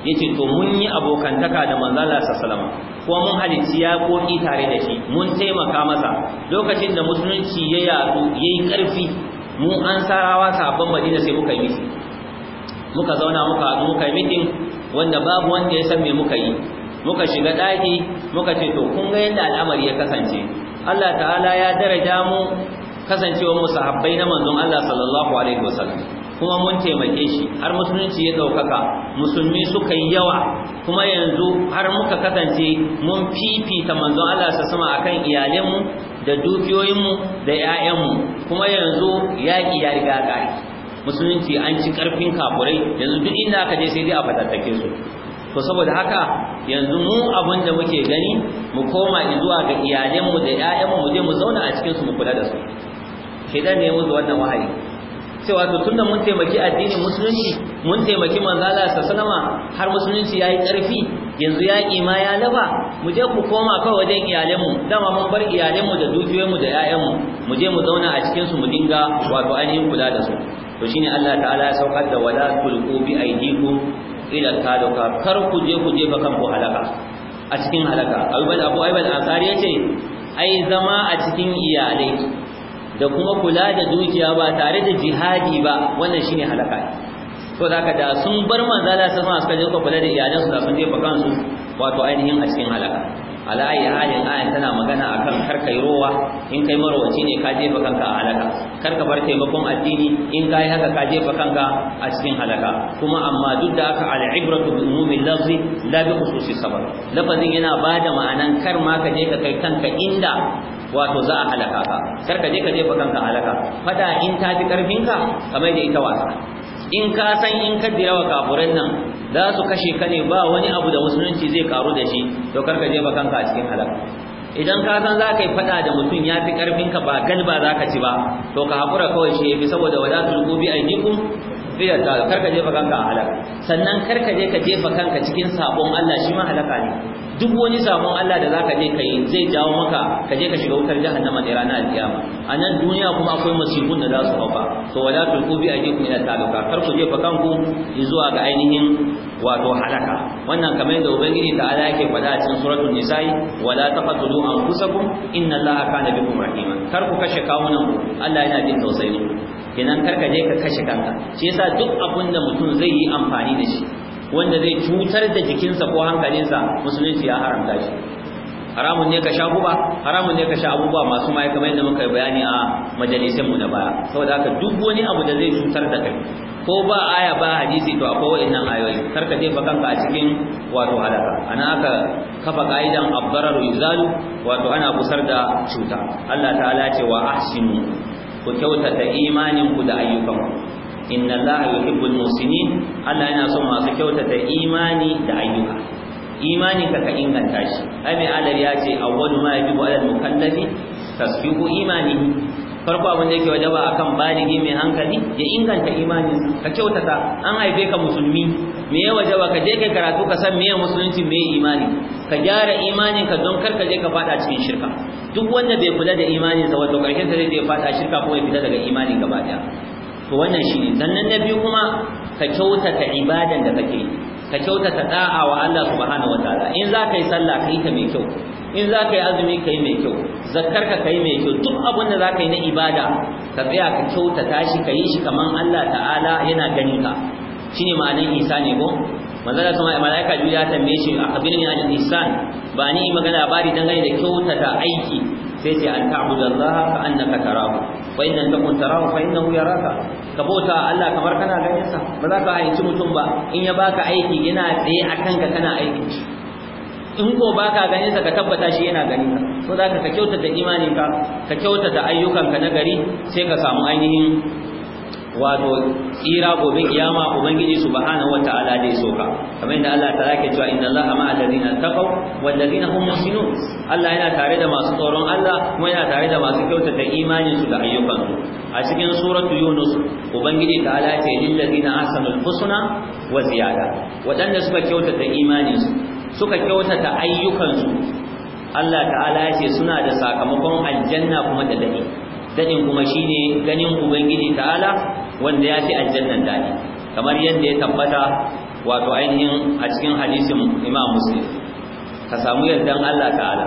yace to mun yi abokantaka da manzon Allah sallallahu alaihi wasallam kuma mun halici ya koki tare da shi mun taimaka masa lokacin da musulunci ya yadu yayi karfi mu an sarawa sabon Madina sai muka yi muka zauna muka muka yi meeting wanda babu wanda ya san me muka yi muka shiga daki muka ce to kun ga yadda al'amari ya kasance Allah ta'ala ya daraja mu kasancewar mu sahabbai na manzon Allah sallallahu alaihi wasallam kuma mun taimake shi har musulunci ya daukaka musulmi suka yi yawa kuma yanzu har muka kasance mun fifita manzon Allah sa sama akan iyalenmu da dukiyoyinmu da 'ya'yanmu kuma yanzu yaƙi ya riga ƙari musulunci an ci ƙarfin kafurai yanzu duk inda aka je sai dai a fatattake su to saboda haka yanzu mu abin da muke gani mu koma zuwa ga mu da ƴaƴan mu je mu zauna a cikin su mu kula da su da ne musu wannan wahayi cewa to tunda mun taimaki addinin musulunci mun taimaki manzala sallama har musulunci yayi ƙarfi yanzu ya ma ya laba mu je ku koma kawai wajen iyalanmu dama mun bar iyalanmu da mu da ƴaƴan mu je mu zauna a cikin su mu dinga wato ainihin kula da su to shine Allah ta'ala ya saukar da wala tulqu bi aidikum ila taluka kar ku je ku je bakan ku halaka a cikin halaka abu abu aibal asari yace ai zama a cikin iyalai da kuma kula da dukiya ba tare da jihadi ba wannan shine halaka to zaka da sun bar manzala sama suka je ku kula da iyalansu da sun je bakan su wato ainihin a cikin halaka ala ayi halin tana magana akan kar kai rowa in kai marwaci ne ka jefa kanka a halaka kar ka bar taimakon addini in kai haka ka jefa kanka a cikin halaka kuma amma duk da haka ala ibratu bi umumi lafzi la bi khususi sabar lafazin yana bada ma'anan kar ma ka je ka kai kanka inda wato za a halaka ka kar ka je ka jefa kanka a halaka fada in ta fi karfinka kamar da ita wasa in ka san in ka wa kafirin nan za su kashe ka ne ba wani abu da musulunci zai karu da shi to karka je ba kanka a cikin halaka idan ka san za yi faɗa da mutum ya fi ƙarfinka ba galba za ka ci ba to ka haƙura kawai shi ya fi saboda wadatul gobi a nikun fiye da karka jefa kanka a halaka sannan karka je ka jefa kanka cikin sabon Allah shi ma halaka ne duk wani sabon Allah da zaka je kai zai jawo maka ka je ka shiga wutar jahannama ne ranar kiyama a nan duniya kuma akwai masifun da za su hauka to wala tulqu bi aydikum ila taluka kar ku jefa kanku zuwa ga ainihin wato halaka wannan kamar yadda ubangiji da ala yake faɗa a cikin suratul nisa'i wala taqtulu anfusakum inna allaha kana bikum rahima kar ku kashe kawunan ku Allah yana jin tausayin ku kenan kar ka je ka kashe kanka shi yasa duk abin da mutum zai yi amfani da shi wanda zai cutar da jikinsa ko hankalinsa musulunci ya haramta shi haramun ne ka sha guba haramun ne ka sha abubuwa masu mai kamar yadda muka bayani a majalisin mu na baya saboda haka duk wani abu da zai cutar da kai ko ba aya ba hadisi to akwai wa'annan ayoyi kar ka jefa kanka a cikin wato halaka ana aka kafa ka'idan abdararu yuzalu wato ana kusar da cuta Allah ta'ala ce wa ahsinu ku kyautata imaninku da ayyukanku inna allaha yuhibbul musinin Allah yana son masu kyautata imani da ayyuka imani ka ka inganta shi ai mai adar ya ce awwalu ma yajibu alal mukallafi tasbihu imani farko abin da yake wajaba akan baligi mai hankali ya inganta imani ka kyautata an haife ka musulmi me ya wajaba ka je kai karatu ka san meye musulunci meye imani ka gyara imani ka don kar ka je ka fada cikin shirka duk wanda bai kula da imani sa wato karshen sa zai je fada shirka ko ya fita daga imani gaba daya to wannan shine sannan na biyu kuma ka kyautata ibadan da kake ka kyautata da'a wa Allah subhanahu wataala in za ka yi sallah ka yi ta mai kyau in za ka yi azumi ka yi mai kyau zakkar ka ka yi mai kyau duk abin da za ka yi na ibada ka tsaya ka kyautata shi ka yi shi kaman Allah ta'ala yana ganin ka shine ma'anar ne ko manzo da kuma malaika biyu ya tambaye shi a kabilin ya ihsan ba ni magana labari dangane da kyautata aiki sai ce an ta'budu Allah ka annaka tarahu wa inna takun tarahu fa innahu yaraka ka Allah kamar kana ganin sa ba za ka haici mutum ba in ya baka aiki yana tsaye akan ka kana aiki in ko baka ganin sa ka tabbata shi yana ganin ka so za ka kyautata imaninka ka kyautata ayyukanka na gari sai ka samu ainihin wato tsira gobe kiyama ubangiji subhanahu wataala dai soka kamar yadda Allah ta yake cewa inna Allaha ma'a alladhina taqaw wal ladina hum muhsinun Allah yana tare da masu tsoron Allah kuma yana tare da masu kyautata imanin su da ayyukan su a cikin suratu Yunus ubangiji ta ala ce lil ladina ahsanul husna wa ziyada wadanda suka kyautata imanin su suka kyautata ayyukan su Allah ta'ala ya ce suna da sakamakon aljanna kuma da dadi dadin kuma shine ganin ubangiji ta'ala wanda ya fi aljannan daɗi kamar yadda ya tabbata wato ainihin a cikin hadisin imam muslim ka samu yardan Allah ta'ala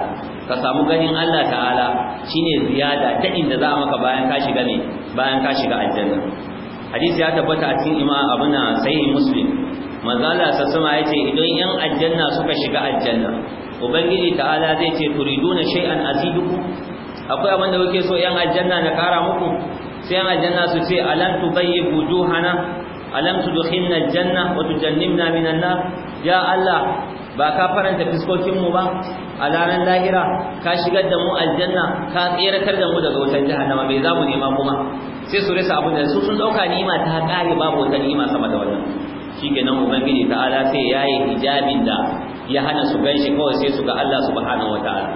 ka samu ganin Allah ta'ala shine ziyada ta inda za a maka bayan ka shiga ne bayan ka shiga aljanna hadisi ya tabbata a cikin imam abuna sahih muslim manzo Allah sassama yace idan yan aljanna suka shiga aljanna ubangiji ta'ala zai ce turiduna shay'an azidukum akwai abin da kuke so yan aljanna na kara muku sai aljanna su ce alam tubayyib wujuhana alam tudkhilna aljanna wa tujannibna minan nar ya allah ba ka faranta fiskokin mu ba a ranar lahira ka shigar da mu aljanna ka tseratar da mu daga wutar jahannama me zamu nema kuma sai su rasa abin da su sun dauka nima ta kare babu wata nima sama da wannan shikenan ubangiji ta'ala sai yayi hijabin da ya hana su ganshi kawai sai su ga Allah subhanahu wataala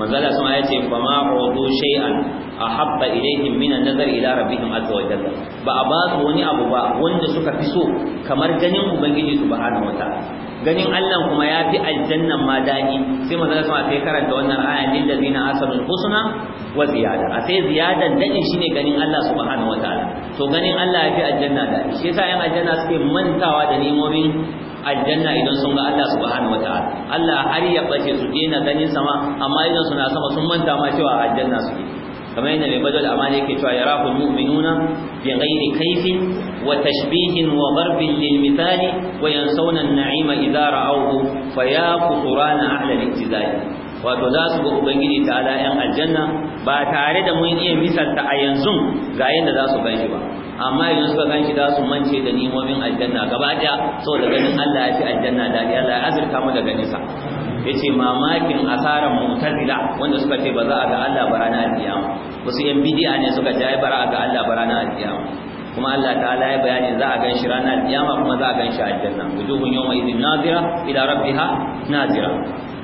manzala sun ya ce fa ma udu shay'an ahabba ilayhim min an-nazar ila rabbihim azza wa jalla ba a ba su wani abu ba wanda suka fi so kamar ganin ubangiji subhanahu wa ta'ala ganin Allah kuma ya fi aljannan ma dadi sai manzala sun ya karanta wannan aya lil ladina asabul husna wa ziyada a sai ziyadan dadi shine ganin Allah subhanahu wa ta'ala to ganin Allah ya fi aljanna dadi shi yasa yan aljanna suke mantawa da nemomin aljanna idan sun ga Allah subhanahu wataala Allah har ya bace su dena ganin sama amma idan suna sama sun manta ma cewa aljanna suke kamar yadda mai badal amana yake cewa yarahu almu'minuna bi ghairi kayfin wa tashbihin wa darbin lil mithali wa yansawna an-na'ima idza ra'awhu fa ya quturana ahla al-ihtizali wato za su ga ubangiji ta ala yan aljanna ba tare da mun iya misalta a yanzu ga yadda za su gan ba amma idan suka gan za su mance da nimomin aljanna gaba ɗaya saboda ganin Allah ya fi aljanna da Allah ya azurta mu da ganin sa yace mamakin asaran mu'tazila wanda suka ce ba za a ga Allah ba ranar alkiyama wasu yan bidi'a ne suka ce bara a ga Allah ba ranar alkiyama kuma Allah ta'ala ya bayani za a gan shi ranar alkiyama kuma za a gan shi aljanna wujuhun yawma idhin nazira ila rabbiha nazira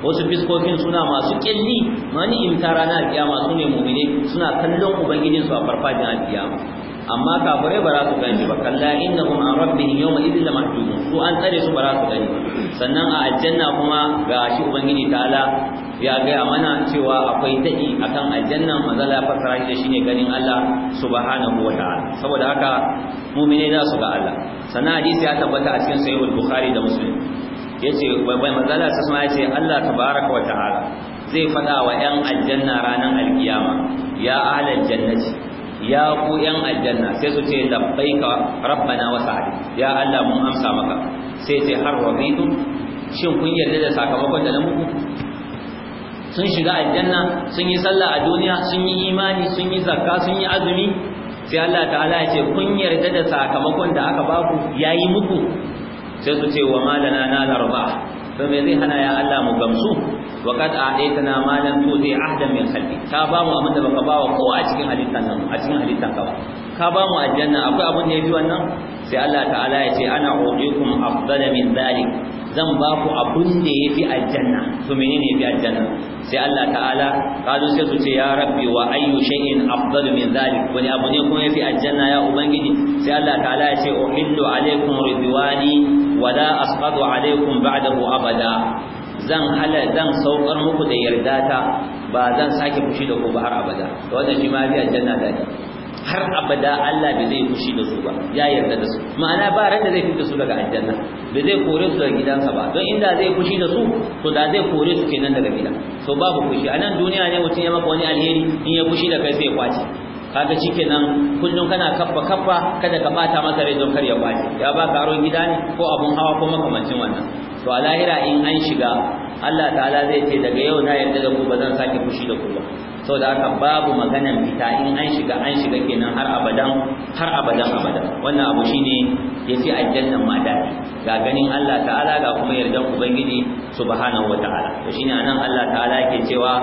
wasu fiskokin suna masu kyalli mani imtara na kiyama ne mu'mine suna kallon ubangijin su a farfajin alkiyama amma kafirai ba za su gani ba kalla innahum an rabbihim yawma idhin la mahjumun su an tsare su ba za su gani sannan a aljanna kuma ga shi ubangiji ta'ala ya gaya mana cewa akwai daɗi akan aljanna mazala fasara shi shine ganin Allah subhanahu wa ta'ala saboda haka mu'mine za su ga Allah sannan hadisi ya tabbata a cikin sahih bukhari da muslim yace bai manzala sai ma yace Allah tabaaraka wa ta'ala zai fada wa ƴan aljanna ranan alkiyama ya ahlal jannati ya ku ƴan aljanna sai su ce labbaika rabbana wa sa'id ya Allah mun amsa maka sai ce har rabitu shin kun yarda da sakamakon da na muku sun shiga aljanna sun yi sallah a duniya sun yi imani sun yi zakka sun yi azumi sai Allah ta'ala ya ce kun yarda da sakamakon da aka baku yayi muku sai su ce wa malana na larba to me zai hana ya Allah mu gamsu wa kad a'taytana ma lam tuti ahdan min khalqi Ta ba mu abin da baka ba wa kowa a cikin halittan nan a cikin halittan ka ka ba mu aljanna akwai abin da yafi wannan sai Allah ta'ala ya ce ana udikum afdala min dhalik zan ba ku abun da yafi aljanna to menene fi aljanna sai Allah ta'ala kazo sai su ce ya rabbi wa ayyu shay'in afdalu min zalik wani abu ne kuma fi aljanna ya ubangiji sai Allah ta'ala ya ce uhillu alaikum ridwani wa la asqadu alaikum ba'dahu abada zan hala zan saukar muku da yarda ta ba zan sake fushi da ku ba har abada to wannan shi ma yafi aljanna dadi har abada Allah bai zai fushi da su ba ya yarda da su ma'ana ba ran da zai fita su daga aljanna bai zai kore su daga gidansa ba don inda zai kushi da su to da zai kore su kenan daga gida so babu fushi anan duniya ne mutum ya maka wani alheri in ya fushi da kai sai ya kwace kaga shikenan kullun kana kaffa kaffa kada ka bata masa rai don kar ya kwace ya ba ka aron gida ne ko abun hawa ko makamancin wannan to a lahira in an shiga Allah ta'ala zai ce daga yau na yarda da ku ba zan sake fushi da ku ba da haka babu maganan fita in an shiga an shiga kenan har abadan har abadan abadan wannan abu shine yafi aljannan ma dadi ga ganin Allah ta'ala ga kuma yardan ubangiji subhanahu wataala to shine anan Allah ta'ala yake cewa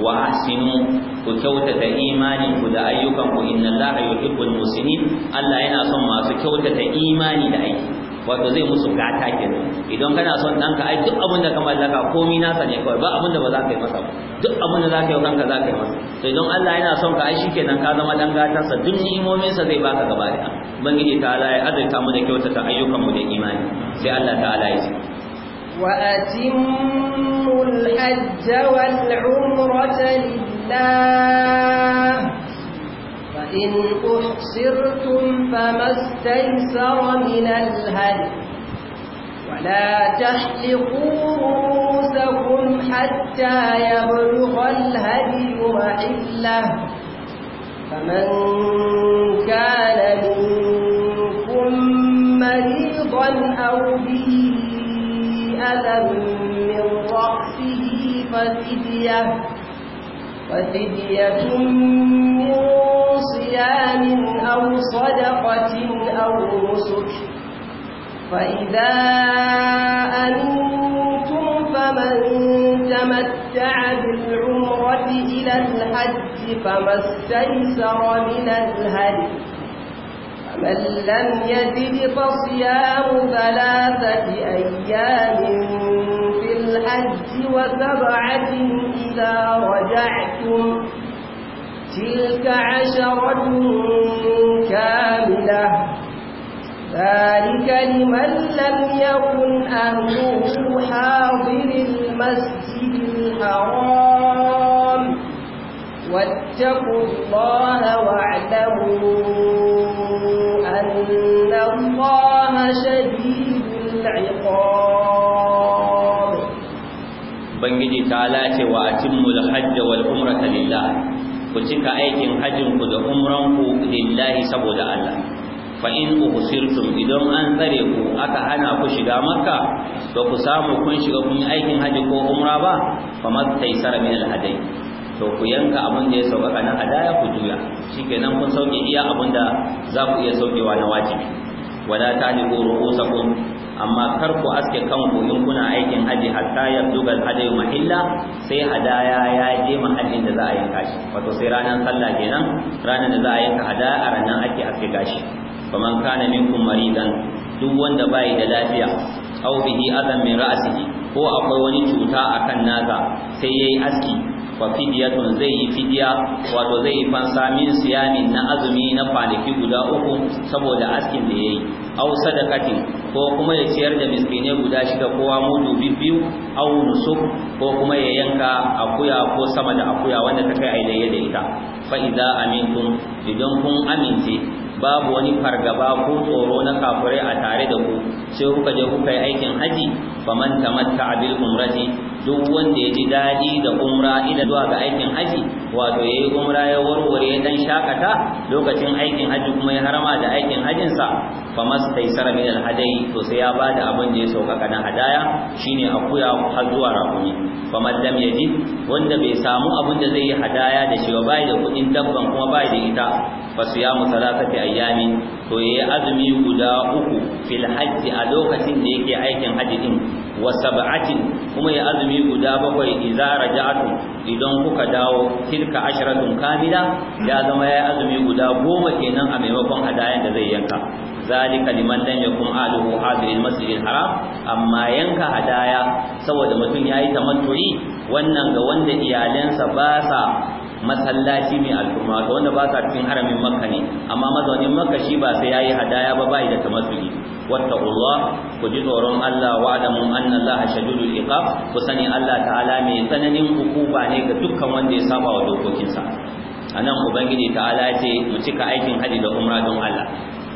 wa ahsinu ku kyautata imaninku da ayyukanku ku yuhibbul muslimin Allah yana son masu kyautata imani da aiki wato zai musu gata kenan idan kana son ɗanka ai duk abin da ka mallaka komai nasa ne kawai ba abin da ba za ka yi masa ba duk abin da za ka yi kanka za ka yi masa to idan Allah yana son ka ai shikenan ka zama dan gatarsa duk ni'imomin sa zai baka gaba da ubangiji ta Allah ya azurta mu da kyautata ayyukan mu da imani sai Allah ta'ala ya ce wa atimmu al-hajj wal 'umrata lillah إن أحصرتم فما استيسر من الهدي ولا تحلقوا رؤوسكم حتى يبلغ الهدي محله فمن كان منكم مريضا أو به أذى من رأسه ففديه وفدية من صيام أو صدقة أو نسك فإذا أنتم فمن تمتع بالعمرة إلى الحج فما استيسر من الهدي فمن لم يجد فصيام ثلاثة أيام الحج وسبعة إذا رجعتم تلك عشرة كاملة ذلك لمن لم يكن أهله حاضر المسجد الحرام واتقوا الله واعلموا أن الله شديد العقاب ta'ala ce wa atimmul hajj wal umrata lillah ku cika aikin hajjin ku da umran ku lillahi saboda Allah fa in uhsirtum idan an tsare ku aka hana ku shiga makka to ku samu kun shiga kun aikin hajji ko umra ba fa mastaysara min al hadai to ku yanka abin da ya sauka na hadaya ku juya shikenan kun sauke iya abin da za ku iya saukewa na wajibi wala ta'liqu ru'usakum amma kar ku aske kanku in kuna aikin haji hatta ya dugal hadayu mahilla sai hadaya ya je mahallin da za a yanka shi wato sai ranar sallah kenan ranar da za a yanka hadaya a ranar ake aske gashi faman kana minkum maridan duk wanda bai da lafiya aw bihi adam min ra'sihi ko akwai wani cuta akan nasa sai yayi aski wa fidyatun zai yi fidiya wato zai yi fansa min siyamin na azumi na kwanaki guda uku saboda askin da yayi aw sadaqati ko kuma ya ciyar da miskine guda shida kowa mudu biyu aw nusuk ko kuma ya yanka akuya ko sama da akuya wanda ta kai aidaiya da ita fa idza amintum idan kun amince babu wani fargaba ko tsoro na kafirai a tare da ku sai kuka je kuka yi aikin haji faman tamatta bil umrati duk wanda ya ji daɗi da umra idan zuwa ga aikin haji wato yayi umra ya warware ya dan shakata lokacin aikin haji kuma ya harama da aikin hajin sa fa sara min alhadai to sai ya bada abin da ya sauka na hadaya shine akuya har zuwa rakumi fa madam yaji wanda bai samu abin da zai yi hadaya da shi ba bai da kuɗin dabban kuma bai da ita fa siyamu fi ayyami to yayi azumi guda uku fil hajji a lokacin da yake aikin haji din wa sab'atin kuma ya azumi guda bakwai idza raja'atum idan kuka dawo tilka ashratun kamila ya zama ya azumi guda goma kenan a maimakon hadayan da zai yanka zalika liman lam yakun aluhu hadir almasjid haram amma yanka hadaya saboda mutum yayi tamattu'i wannan ga wanda iyalansa ba sa masallaci mai alfurma wanda ba sa cikin haramin makka ne amma mazaunin makka shi ba sai yayi hadaya ba bai da tamattu'i wattaqullah ku ji tsoron Allah wa annan anna Allah shadidul iqab ku sani Allah ta'ala mai tsananin hukuma ne ga dukkan wanda ya saba wa dokokinsa anan ubangiji ta'ala ya ce mu cika aikin haji da umra don Allah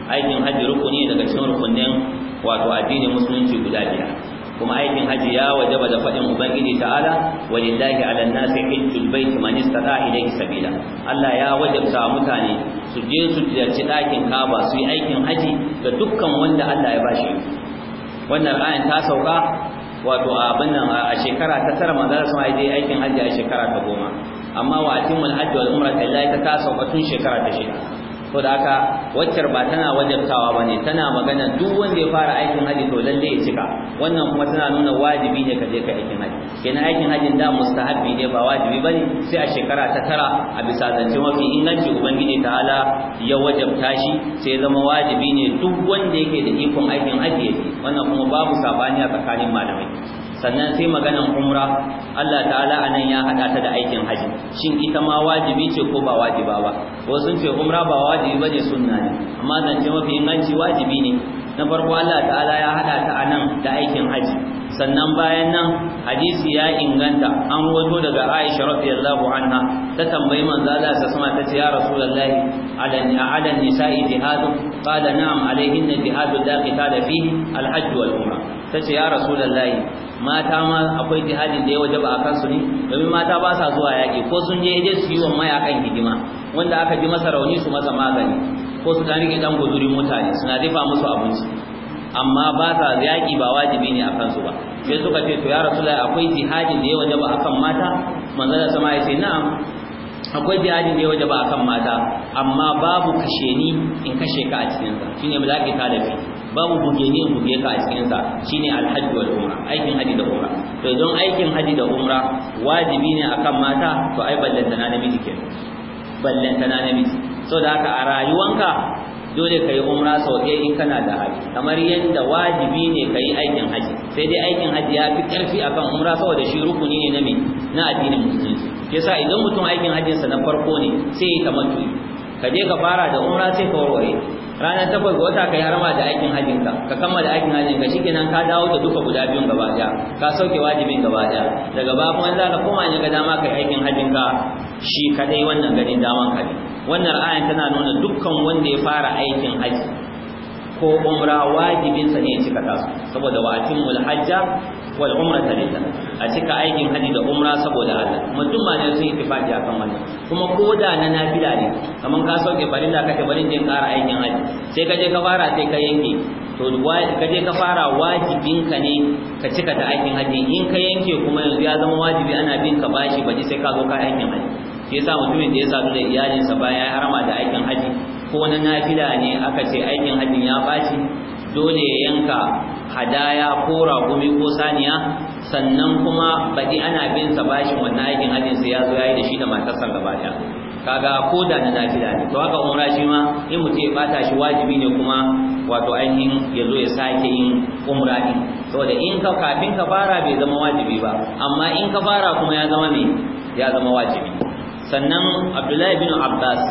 aikin haji rukuni daga cikin rukunin wato addinin musulunci guda biyar kuma aikin haji ya wajaba da fadin ubangiji ta'ala walillahi ala nasi hajjul bait man istata ilayhi sabila Allah ya wajabta mutane su je su ziyarci dakin Kaaba su yi aikin haji ga dukkan wanda Allah ya bashi wannan ayan ta sauka wato abin nan a shekara ta tara manzo Allah ya je aikin haji a shekara ta goma amma wa atimul hajji wal umrata lillahi ta sauka tun shekara ta shida saboda haka waccar ba tana wajabtawa bane tana magana duk wanda ya fara aikin haji to lalle ya cika wannan kuma tana nuna wajibi ne ka je ka aikin haji kenan aikin hajin da mustahabi ne ba wajibi bane sai a shekara ta tara a bisa zance mafi inganci ubangiji ta'ala ya wajabta shi sai zama wajibi ne duk wanda yake da ikon aikin haji wannan kuma babu sabani a tsakanin malamai sannan sai maganan umra Allah ta'ala anan ya hada ta da aikin haji shin ita ma wajibi ce ko ba wajiba ba wasu sun ce umra ba wajibi bane sunna ne amma zance mafi inganci wajibi ne na farko Allah ta'ala ya hada ta anan da aikin haji sannan bayan nan hadisi ya inganta an wato daga Aisha radiyallahu anha ta tambayi manzo Allah sa sama ta ce ya Rasulullahi ala ala nisa'i jihadu qala na'am alaihin jihadu la qitala fihi al wal umra ta ce ya Rasulullahi mata ma akwai jihadin da ya waje ba a kansu ne domin mata ba sa zuwa yaƙi ko sun je je su yi wa mayakan hidima wanda aka ji masa rauni su masa magani ko su dan rike dan mutane suna dafa musu abinci amma ba sa yaƙi ba wajibi ne a kansu ba sai suka ce to ya rasulullahi akwai jihadin da ya waje ba akan mata manzon sama ya ce na'am akwai jihadin da ya waje ba akan mata amma babu kashe ni in kashe ka a cikin sa shine ba za ka ta da babu bugeniya buge ka a cikin sa shine alhajj wal umra aikin haji da umra to idan aikin haji da umra wajibi ne akan mata to ai ballanta na namiji kenan ballanta na namiji da haka a rayuwanka dole kai umra sau ɗaya in kana da haji kamar yadda wajibi ne kai aikin haji sai dai aikin haji ya fi ƙarfi akan umra saboda shi rukuni ne na me na addinin musulunci yasa idan mutum aikin hajjinsa na farko ne sai ya tamattu ka je ka fara da umra sai ka warware ranar takwas ga wata ka yi harama da aikin hajjin ka kammala aikin hajin ka shikenan ka dawo da duka guda biyun gaba daya ka sauke wajibin gaba daya daga ba kuma za ka koma ne ga dama kai aikin hajjin ka shi kadai wannan ganin daman ka ne wannan ra'ayin tana nuna dukkan wanda ya fara aikin hajji ko umra wajibin sa ne ya cika tasu saboda wa atimul hajja wal umrata lillah a cika aikin haji da umra saboda Allah mutum duk ne sun yi faɗi akan wannan kuma koda na nafila ne kaman ka sauke barinda ka ce barin jin ƙara aikin haji sai ka je ka fara sai ka yanke to ka je ka fara wajibin ka ne ka cika ta aikin haji in ka yanke kuma yanzu ya zama wajibi ana bin ka bashi baji sai ka zo ka aikin haji shi yasa mutumin da ya sadu da iyalinsa bayan ya harama da aikin haji ko na nafila ne aka ce aikin hajji ya baci dole ya yanka hadaya ko ragumi ko saniya sannan kuma baɗi ana bin sa bashin wannan aikin hajji sai ya zo yayi da shi da matarsa gaba daya kaga ko da na nafila ne to haka umra shi ma in mutum ya bata shi wajibi ne kuma wato ainihin ya ya sake yin umra din saboda in ka kafin ka fara bai zama wajibi ba amma in ka fara kuma ya zama ne ya zama wajibi sannan abdullahi bin abbas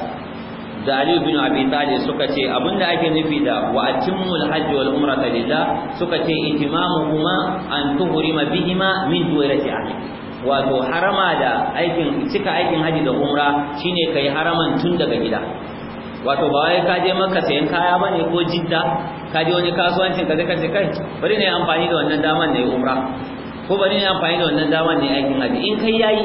da Ali bin Abi Talib suka ce abinda ake nufi da wa atimmul hajj wal umrata lillah suka ce itimamuhuma an tuhrima bihima min duwarati ahli wato harama da aikin cika aikin haji da umra shine kai haraman tun daga gida wato ba wai ka je maka sayan kaya bane ko jidda ka je wani kasuwancin ka zaka ce kai bari ne amfani da wannan daman ne umra ko bari ne amfani da wannan daman ne aikin haji in kai yayi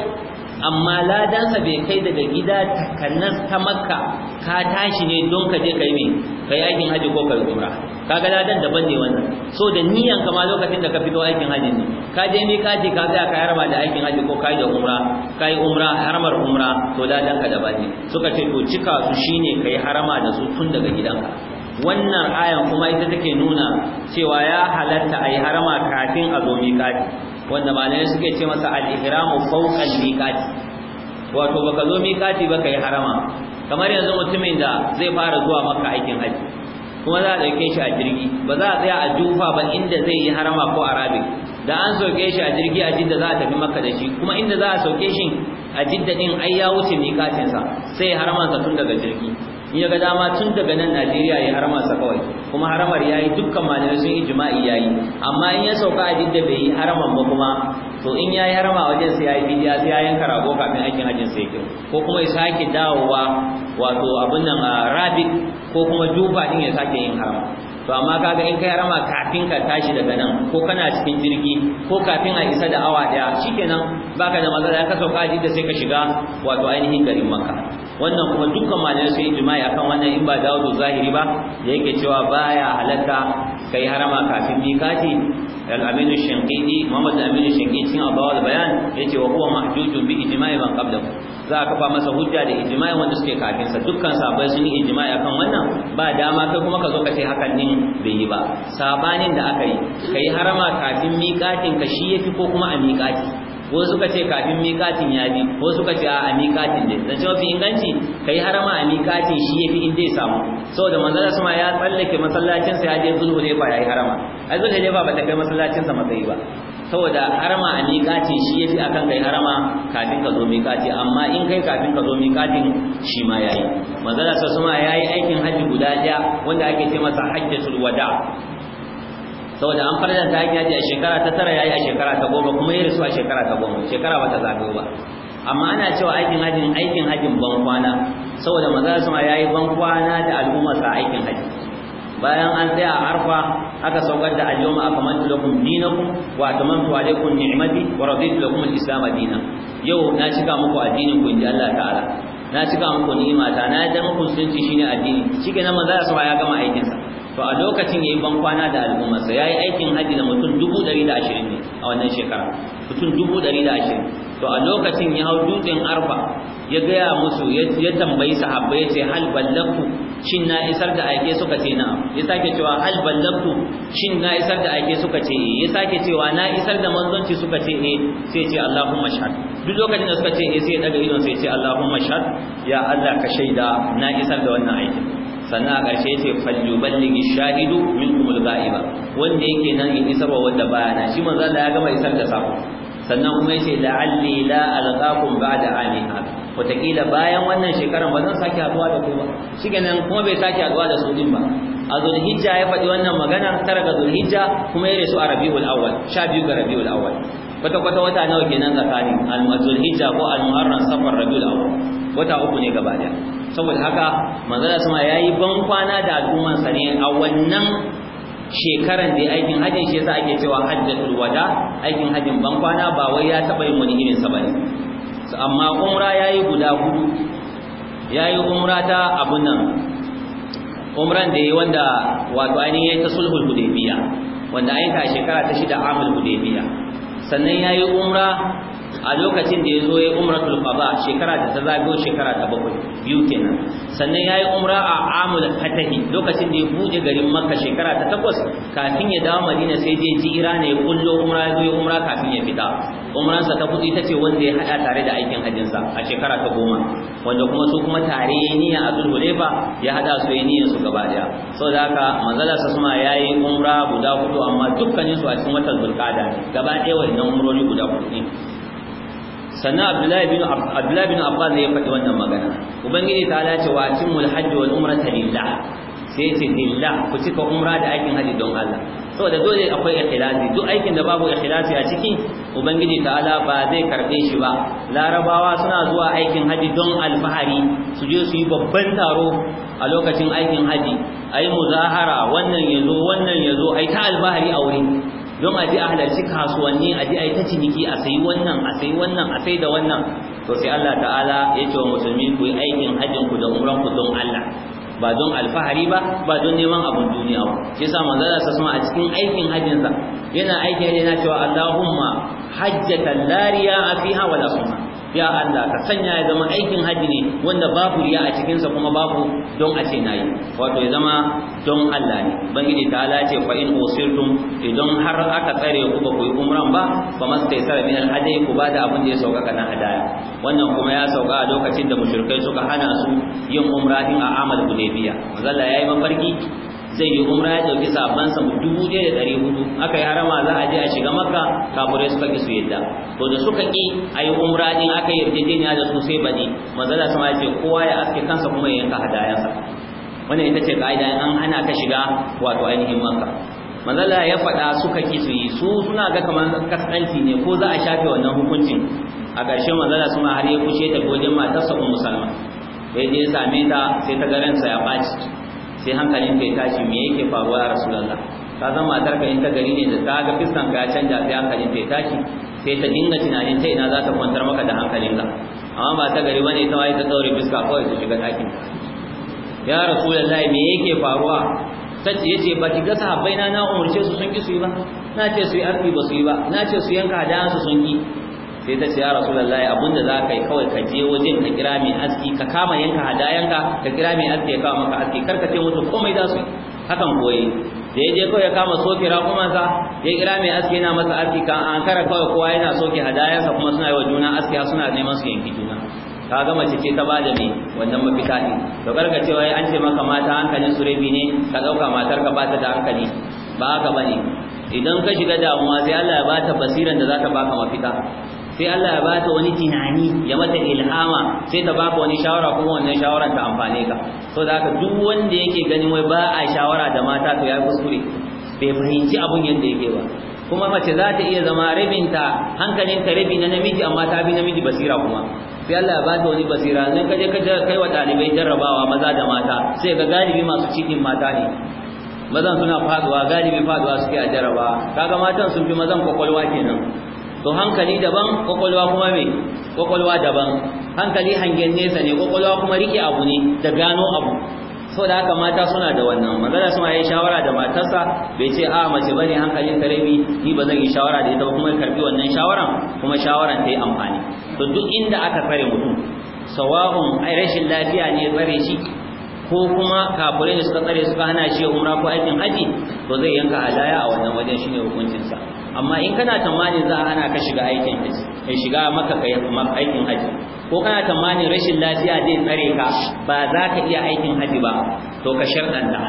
amma ladansa bai kai daga gida takannas ta makka ka tashi ne don ka je kai mai kai aikin haji ko kai umra kaga ladan daban ne wannan so da niyan kama lokacin da ka fito aikin haji ne ka je ne ka je ka ga ka da aikin haji ko kai da umra kai umra haramar umra to ladan ka daban ne suka ce to cika su shine kai harama da su tun daga gidanka wannan ayan kuma ita take nuna cewa ya halatta ai harama kafin a zo miƙati wanda malamai suke ce masa al-ihramu fawqa al-miqati wato baka zo miqati ba yi harama kamar yanzu mutumin da zai fara zuwa maka aikin haji kuma za a dauke shi a jirgi ba za a tsaya a jufa ba inda zai yi harama ko arabi da an soke shi a jirgi a jidda za a tafi maka da shi kuma inda za a soke shi a jidda din ai ya wuce miqatin sa sai haramansa tun daga jirgi in ya ga dama tun daga nan Najeriya ya harama sa kawai kuma haramar yayi dukkan malamai sun ijma'i yayi amma in ya sauka a didda bai yi haraman ba kuma to in yayi harama wajen sai yayi bidiya sai yayin karago kafin aikin hajjin sai yake ko kuma ya sake dawowa wato abin nan rabik ko kuma jufa din ya sake yin harama to amma kaga in kai harama kafin ka tashi daga nan ko kana cikin jirgi ko kafin a isa da awa daya shikenan baka da matsala ka sauka a didda sai ka shiga wato ainihin garin makka wannan kuma dukkan malamai sun jima'i akan wannan in ba dawo zahiri ba da yake cewa baya halatta kai harama kafin mikati al-aminu shinqidi muhammad al-aminu shinqidi cikin abawal bayan yace wa huwa mahjujun bi ijma'i man qablahu za a kafa masa hujja da ijma'i wanda suke kafin sa dukkan sahabbai sun yi ijma'i akan wannan ba dama kai kuma ka zo ka ce hakan din bai yi ba sabanin da aka yi kai harama kafin miƙatin ka shi yafi ko kuma a miƙati ko suka ce kafin miƙatin ya bi ko suka ce a miƙatin dai zance mafi inganci ka yi harama a miƙatin shi ya fi inda ya samu saboda manzala sama ya tsallake masallacinsa ya je zulhu ne ba ya yi harama a zulhu ne ba ba ta kai masallacinsa matsayi ba saboda harama a miƙatin shi ya fi a kan kai harama kafin ka zo miƙati amma in kai kafin ka zo miƙatin shi ma ya yi manzala sama ya yi aikin hajji guda ɗaya wanda ake ce masa hajjatul wada saboda an farja ta aikin haji a shekara ta tara yayi a shekara ta goma kuma ya rasu a shekara ta goma shekara ba ta zagayo ba amma ana cewa aikin hajin aikin hajin ban kwana saboda maza su ma yayi ban kwana da al'umma sa aikin haji bayan an tsaya a arfa aka saukar da al-yawma akamantu lakum dinakum wa atamantu alaykum ni'mati wa raditu lakum al-islam dinan yau na cika muku addinin ku inda Allah ta'ala na cika muku ni'ima na yadda muku sunci shine addini shike nan maza su ma ya gama aikin sa to a lokacin yayin ban kwana da al'ummarsa yayi aikin haji da mutum 120 ne a wannan shekara mutum 120 to a lokacin ya hau dutsen arfa ya gaya musu ya tambayi sahabbai ya ce hal ballaku shin na isar da aike suka ce na ya sake cewa hal ballaku shin na isar da aike suka ce eh? ya sake cewa na isar da manzonci suka ce eh sai ce Allahumma shahad duk lokacin da suka ce eh sai ya daga idon sai ce Allahumma shahad ya Allah ka shaida na isar da wannan aikin sannan a ƙarshe ce falyuballigi shahidu minkum al-ga'iba wanda yake nan ya isar wa wanda baya na shi manzo Allah ya gama isar da sako sannan kuma yace la'alli la alqakum ba'da amin wataƙila bayan wannan shekaran ba zan sake haduwa da ku ba kuma bai sake haduwa da su din ba a zulhijja ya faɗi wannan magana tara ga zulhijja kuma ya rasu a rabiul awwal biyu ga rabiul awwal kwata kwata wata nawa kenan tsakanin al-matul hijja ko al-muharram safar rabiul awwal wata uku ne gaba daya saboda haka manzala sama yayi ban kwana da al'umman sa ne a wannan shekaran da aikin hajjin shi yasa ake cewa hajjatul wada aikin hajjin ban kwana ba wai ya taba yin wani irin sa bane amma umra yayi guda hudu yayi umra ta abun nan umran da yayi wanda wato ainihin yayi ta sulhul hudaybiya wanda ayyuka ta shekara ta shida amul hudaybiya sannan ya yi umra a lokacin da ya zo ya umratul qada shekara da ta zagayo shekara ta bakwai biyu kenan sannan yayi umra a amul fatahi lokacin da ya buɗe garin makka shekara ta takwas kafin ya dawo madina sai je ji ne ya kullo umra ya zo ya umra kafin ya fita umran ta kudi ta ce wanda ya hada tare da aikin hajjin sa a shekara ta goma wanda kuma su kuma tare niyya a zulhulaifa ya hada su yi niyyar su gaba daya saboda haka manzala sa suma yi umra guda hudu amma dukkanin su a cikin watan zulqada gaba ɗaya wannan umroni guda hudu ne sannan abdullahi bin abdullahi bin abbas ne ya faɗi wannan magana ubangiji ta ala ce wa atimul hajj wal umrata lillah sai ce lillah ku cika umra da aikin haji don Allah saboda dole akwai ikhlasi duk aikin da babu ikhlasi a ciki ubangiji ta ala ba zai karbe shi ba larabawa suna zuwa aikin haji don alfahari su je su yi babban taro a lokacin aikin haji ayi muzahara wannan yazo wannan yazo ai ta alfahari a wurin don a ji a halarci kasuwanni a ji a yi ta ciniki a sayi wannan a sayi wannan a sai da wannan to sai Allah ta'ala ya ce wa musulmi ku yi aikin hajjin ku da umran ku don Allah ba don alfahari ba ba don neman abun duniya ba shi yasa manzo Allah sa a cikin aikin hajjin sa yana aiki yana cewa Allahumma hajjatan lariya riya'a fiha wala ya Allah ka sanya ya zama aikin haji ne wanda babu riya a cikinsa kuma babu don a ce nayi wato ya zama don Allah ne bangiji ta ala ce fa in usirtum idan har aka tsare ku ba ku yi umran ba fa mastaisara min alhadi ku ba da abin da ya sauka kana hadaya wannan kuma ya sauka a lokacin da mushrikai suka hana su yin umra din a amal hudaybiya mazalla ya yayi mafarki zai yi umra ya dauki sabansa dubu ɗaya da ɗari hudu aka yi harama za a je a shiga makka kafure su kake su yadda to da suka ki a yi umra din aka yi yarjejeniya da su sai baɗi manzala sama ya ce kowa ya aske kansa kuma ya yanka hadayansa wannan ita ce ka'ida an hana ka shiga wato ainihin makka manzala ya faɗa suka ki su yi su suna ga kamar kasanci ne ko za a shafe wannan hukuncin a ƙarshe manzala suma har ya kushe ta gojin matarsa ko musalma ya je same ta sai ta garansa ya baci. sai hankalin bai tashi me yake faruwa ya rasulullah ta zama matar ka in ta gari ne da ta ga fiskan ka ya canja sai hankalin bai tashi sai ta dinga tunanin ta ina za ta kwantar maka da hankalin ka amma ba ta gari bane ta waye ta tsaure fiska kawai ta shiga ɗakin ya rasulullah me yake faruwa ta ce yace ba ki ga sahabbai na na umurce su sun ki su yi ba na ce su yi arfi ba su yi ba na ce su yanka hadayansu sun yi sai ta ce ya rasulullahi abinda za ka yi kawai ka je wajen ka kira mai aski ka kama yanka hadayanka ka kira mai aski ya kawo maka aski karka ce mutu komai za su yi hakan koyi da ya je kawai ya kama soke raƙumansa ya kira mai aski yana masa aski kan an kara kawai kowa yana soke hadayansa kuma suna yi wa juna aski suna neman su yanki juna ka ga mace ce ta bada ne wannan mafita ne to karka ce wai an ce maka mata hankalin su rabi ne ka dauka matar ka bata da hankali ba haka ne idan ka shiga damuwa sai Allah ya bata basiran da za ta baka mafita sai Allah ya bata wani tunani ya mata ilhama sai ta baka wani shawara kuma wannan shawaran ta amfane ka so da haka duk wanda yake ganin wai ba a shawara da mata to ya kuskure bai fahimci abun yadda yake ba kuma mace za ta iya zama rabinta ta rabi na namiji amma ta bi namiji basira kuma sai Allah ya bata wani basira nan kaje ka kai wa dalibai jarrabawa maza da mata sai ga galibi masu cikin mata ne mazan suna faduwa galibi faduwa suke a ka kaga matan sun fi mazan kwakwalwa kenan to hankali daban kokolwa kuma me kokolwa daban hankali hangen nesa ne kwakwalwa kuma rike abu ne da gano abu so da haka mata suna da wannan magana suna yi shawara da matarsa bai ce a ah, mace bane hankalin ta rabi ni ba zan yi shawara da ita ba kuma karbi wannan shawaran kuma shawaran ta yi amfani to duk inda aka kare mutum sawa'un rashin lafiya ne tsare shi ko kuma kafirai da suka tsare suka hana shi umra ko aikin haji to zai yanka alaya a wannan wajen shine hukuncin hukuncinsa amma in kana tamanin za a hana ka shiga aikin haji kai shiga maka kai aikin haji ko kana tamanin rashin lafiya zai tsare ka ba za ka iya aikin haji ba to ka sharɗanta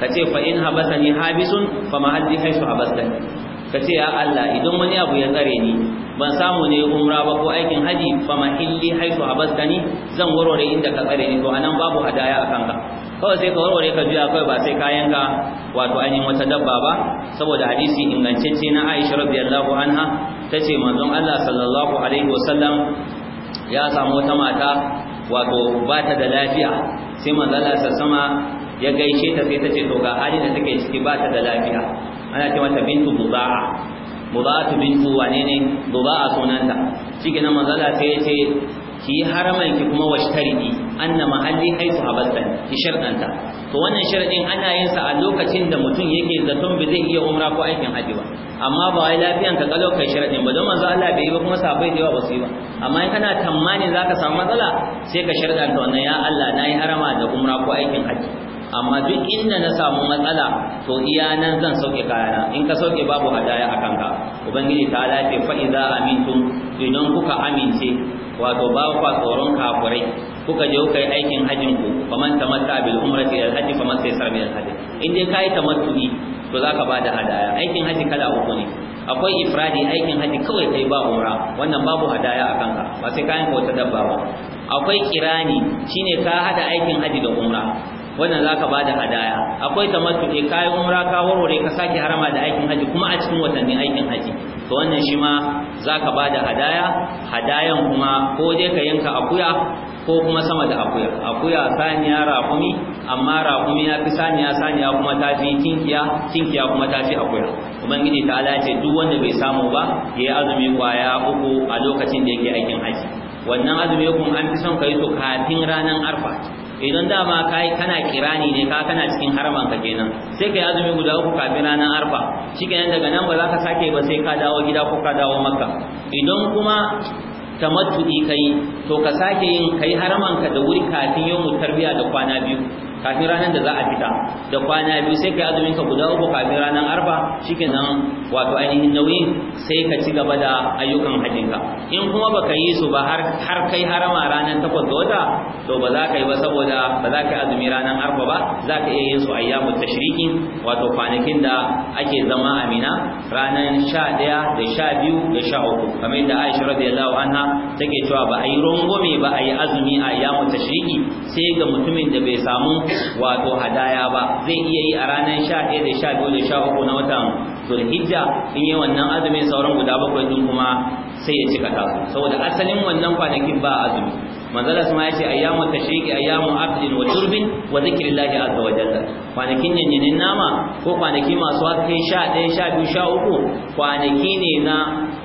ka ce fa in habasani habisun fa kai haisu habasani ka ce ya Allah idan wani abu ya tsare ni ban samu ne umra ba ko aikin haji fa ma illi haitu habastani zan warware inda ka tsare ni to anan babu hadaya a kanka kawai sai ka warware ka juya kawai ba sai kayan ka wato ainihin wata dabba ba saboda hadisi ingantacce na Aisha radiyallahu anha tace manzon Allah sallallahu alaihi wasallam ya samu wata mata wato ba ta da lafiya sai manzon Allah sama ya gaishe ta sai tace to ga halin da take ciki ba ta da lafiya ana ce mata bintu Buba'a buza'a bintu wane ne Buba'a sunanta shi kenan manzon Allah sai ya ce ki yi harama ki kuma an na mahalli haitu habattan ki sharɗanta to wannan sharadin ana yin sa a lokacin da mutum yake zaton ba zai iya umra ko aikin haji ba amma ba wai lafiyan ka kalau kai sharadin ba don manzo Allah bai yi ba kuma sabai da yawa ba su yi ba amma in kana tamani ka samu matsala sai ka sharɗanta wannan ya Allah na yi harama da umra ko aikin haji amma duk inda na samu matsala to iya nan zan sauke kayana in ka sauke babu hadaya a kanka ubangiji ta lafiya fa'iza amintum idan kuka amince wato ba kwa tsoron kafirai kuka je kuka yi aikin hajjin ku faman tamatta bil umrati al hajji faman saysar min al hajji in dai kai tamattu'i to zaka bada hadaya aikin hajji kada uku ne akwai ifradi aikin hajji kawai kai ba umra wannan babu hadaya akan ka ba sai kayan ta dabba ba akwai kirani shine ka hada aikin hajji da umra wannan zaka bada hadaya akwai tamattu'i kai umra ka warware ka saki harama da aikin hajji kuma a cikin watannin aikin hajji to wannan shi ma za ka ba da hadaya hadayan kuma ko dai ka yanka akuya ko kuma sama da akuya akuya saniya rafumi amma rafumi ya fi saniya saniya kuma ta fi kinkiya kinkiya kuma ta fi akuya ubangiji ta ala ce duk wanda bai samu ba ya yi azumi kwaya uku a lokacin da yake aikin haji wannan azumi kun an fi son ka yi su kafin ranar arfa idan dama kai kana kirani ne ka kana cikin haramanka ka kenan sai kai azumi guda uku kafin ranar arfa shikenan daga nan ba za ka sake ba sai ka dawo gida ko ka dawo makka idan kuma tamattu'i kai to ka sake yin kai haraman ka da wuri kafin yau tarbiya da kwana biyu kafin ranar da za a fita da kwana biyu sai kai azumin ka guda uku kafin ranar arba shikenan wato ainihin nauyin sai ka ci gaba da ayyukan hajjinka in kuma baka yi su ba har kai harama ranar takwas da wata to ba za ka yi ba saboda ba za ka yi azumi ranar arba ba za ka iya yin su ayyamu tashriki wato kwanakin da ake zama amina ranar sha ɗaya da sha biyu da sha uku kamar yadda aisha radiyallahu anha take cewa ba a yi rungume ba a yi azumi a ayyamu tashriki sai ga mutumin da bai samu wato hadaya ba zai iya yi a ranar sha ɗaya da sha biyu da sha uku na watan zulhijja in yi wannan azumin sauran guda bakwai din kuma sai ya cika ta saboda asalin wannan kwanakin ba azumi manzala sama ya ce ayyamu tashriqi ayyamu abdin wa turbin wa zikrillahi azza wa jalla kwanakin yanyanin nama ko kwanaki masu haske biyu sha uku kwanaki ne na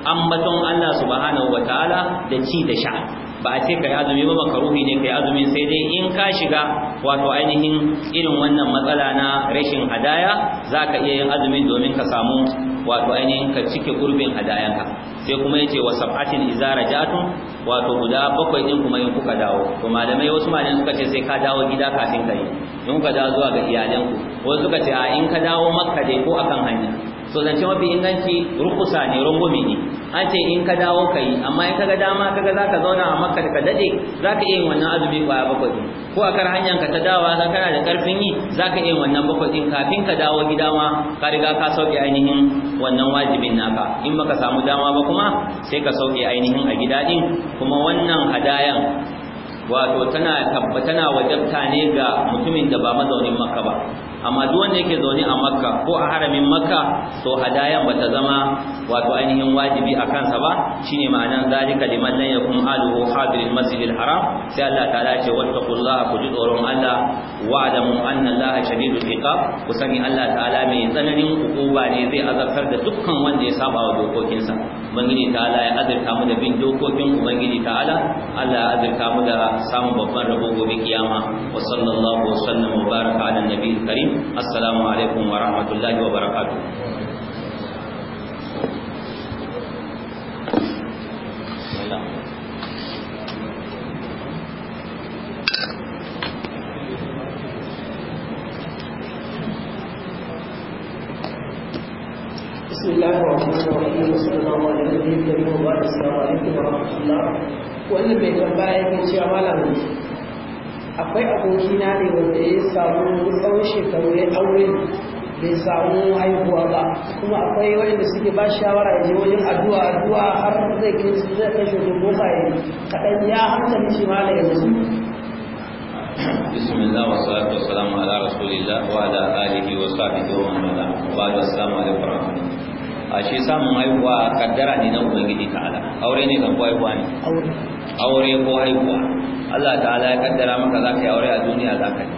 ambaton Allah subhanahu wa da ci da sha ba a ce kai azumi ba makaruhi ne kai azumi sai dai in ka shiga wato ainihin irin wannan matsala na rashin hadaya zaka iya yin azumi domin ka samu wato ainihin ka cike gurbin hadayanka sai kuma yace wa sab'atin izara jatun wato guda bakwai din kuma in kuka dawo to malamai wasu malamai suka ce sai ka dawo gida kafin kai in kuka dawo zuwa ga iyalanku wasu suka ce a in ka dawo makka dai ko akan hanya so zance mafi inganci rukusa ne rungumi ne an ce in ka dawo ka yi amma in kaga dama kaga za ka zauna a makka ka dade, za ka iya wannan azumi kwaya bakwai ko a kar hanyar ka ta dawa za kana da karfin yi za ka iya wannan bakwai kafin ka dawo gida ma ka riga ka sauke ainihin wannan wajibin naka in baka samu dama ba kuma sai ka sauke ainihin a gida din kuma wannan hadayan wato tana tana wajabta ne ga mutumin da ba mazaunin makka ba amma duk wanda yake zaune a makka ko a haramin makka to hadayan bata zama wato ainihin wajibi a kansa ba shine ma'anan zalika liman lam yakun aluhu hadiril masjidil haram sai Allah ta'ala ce wattaqullaha ku ji tsoron Allah wa'adamu anna allaha shadidul iqab sani allah ta'ala mai tsananin hukuma ne zai azabtar da dukkan wanda ya saba wa dokokinsa ubangiji ta'ala ya azurta mu da bin dokokin ubangiji ta'ala allah ya azurta mu da samun babban rabo gobe kiyama wa sallallahu wa sallama baraka ala nabiyil karim assalamu alaikum wa rahmatullahi wa barakatuh وصلى الله السلام عليكم ورحمه الله wannan mai yake cewa malamin akwai abokina ne wanda ya samu tsawon shekaru ya aure bai samu haihuwa ba kuma akwai wanda suke ba shawara ya je wajen addu'a addu'a har zai kai su zai kai shi ko ba yi kadan ya hankali shi mala yanzu bismillah wa salatu wa salamu ala rasulillah wa ala alihi wa sahbihi wa man wala wa assalamu alaikum a shi samun haihuwa kaddara ne na ubangiji ta'ala aure ne kan haihuwa ne aure ko haihuwa Allah ta'ala ya kaddara maka zaka yi aure a duniya zaka yi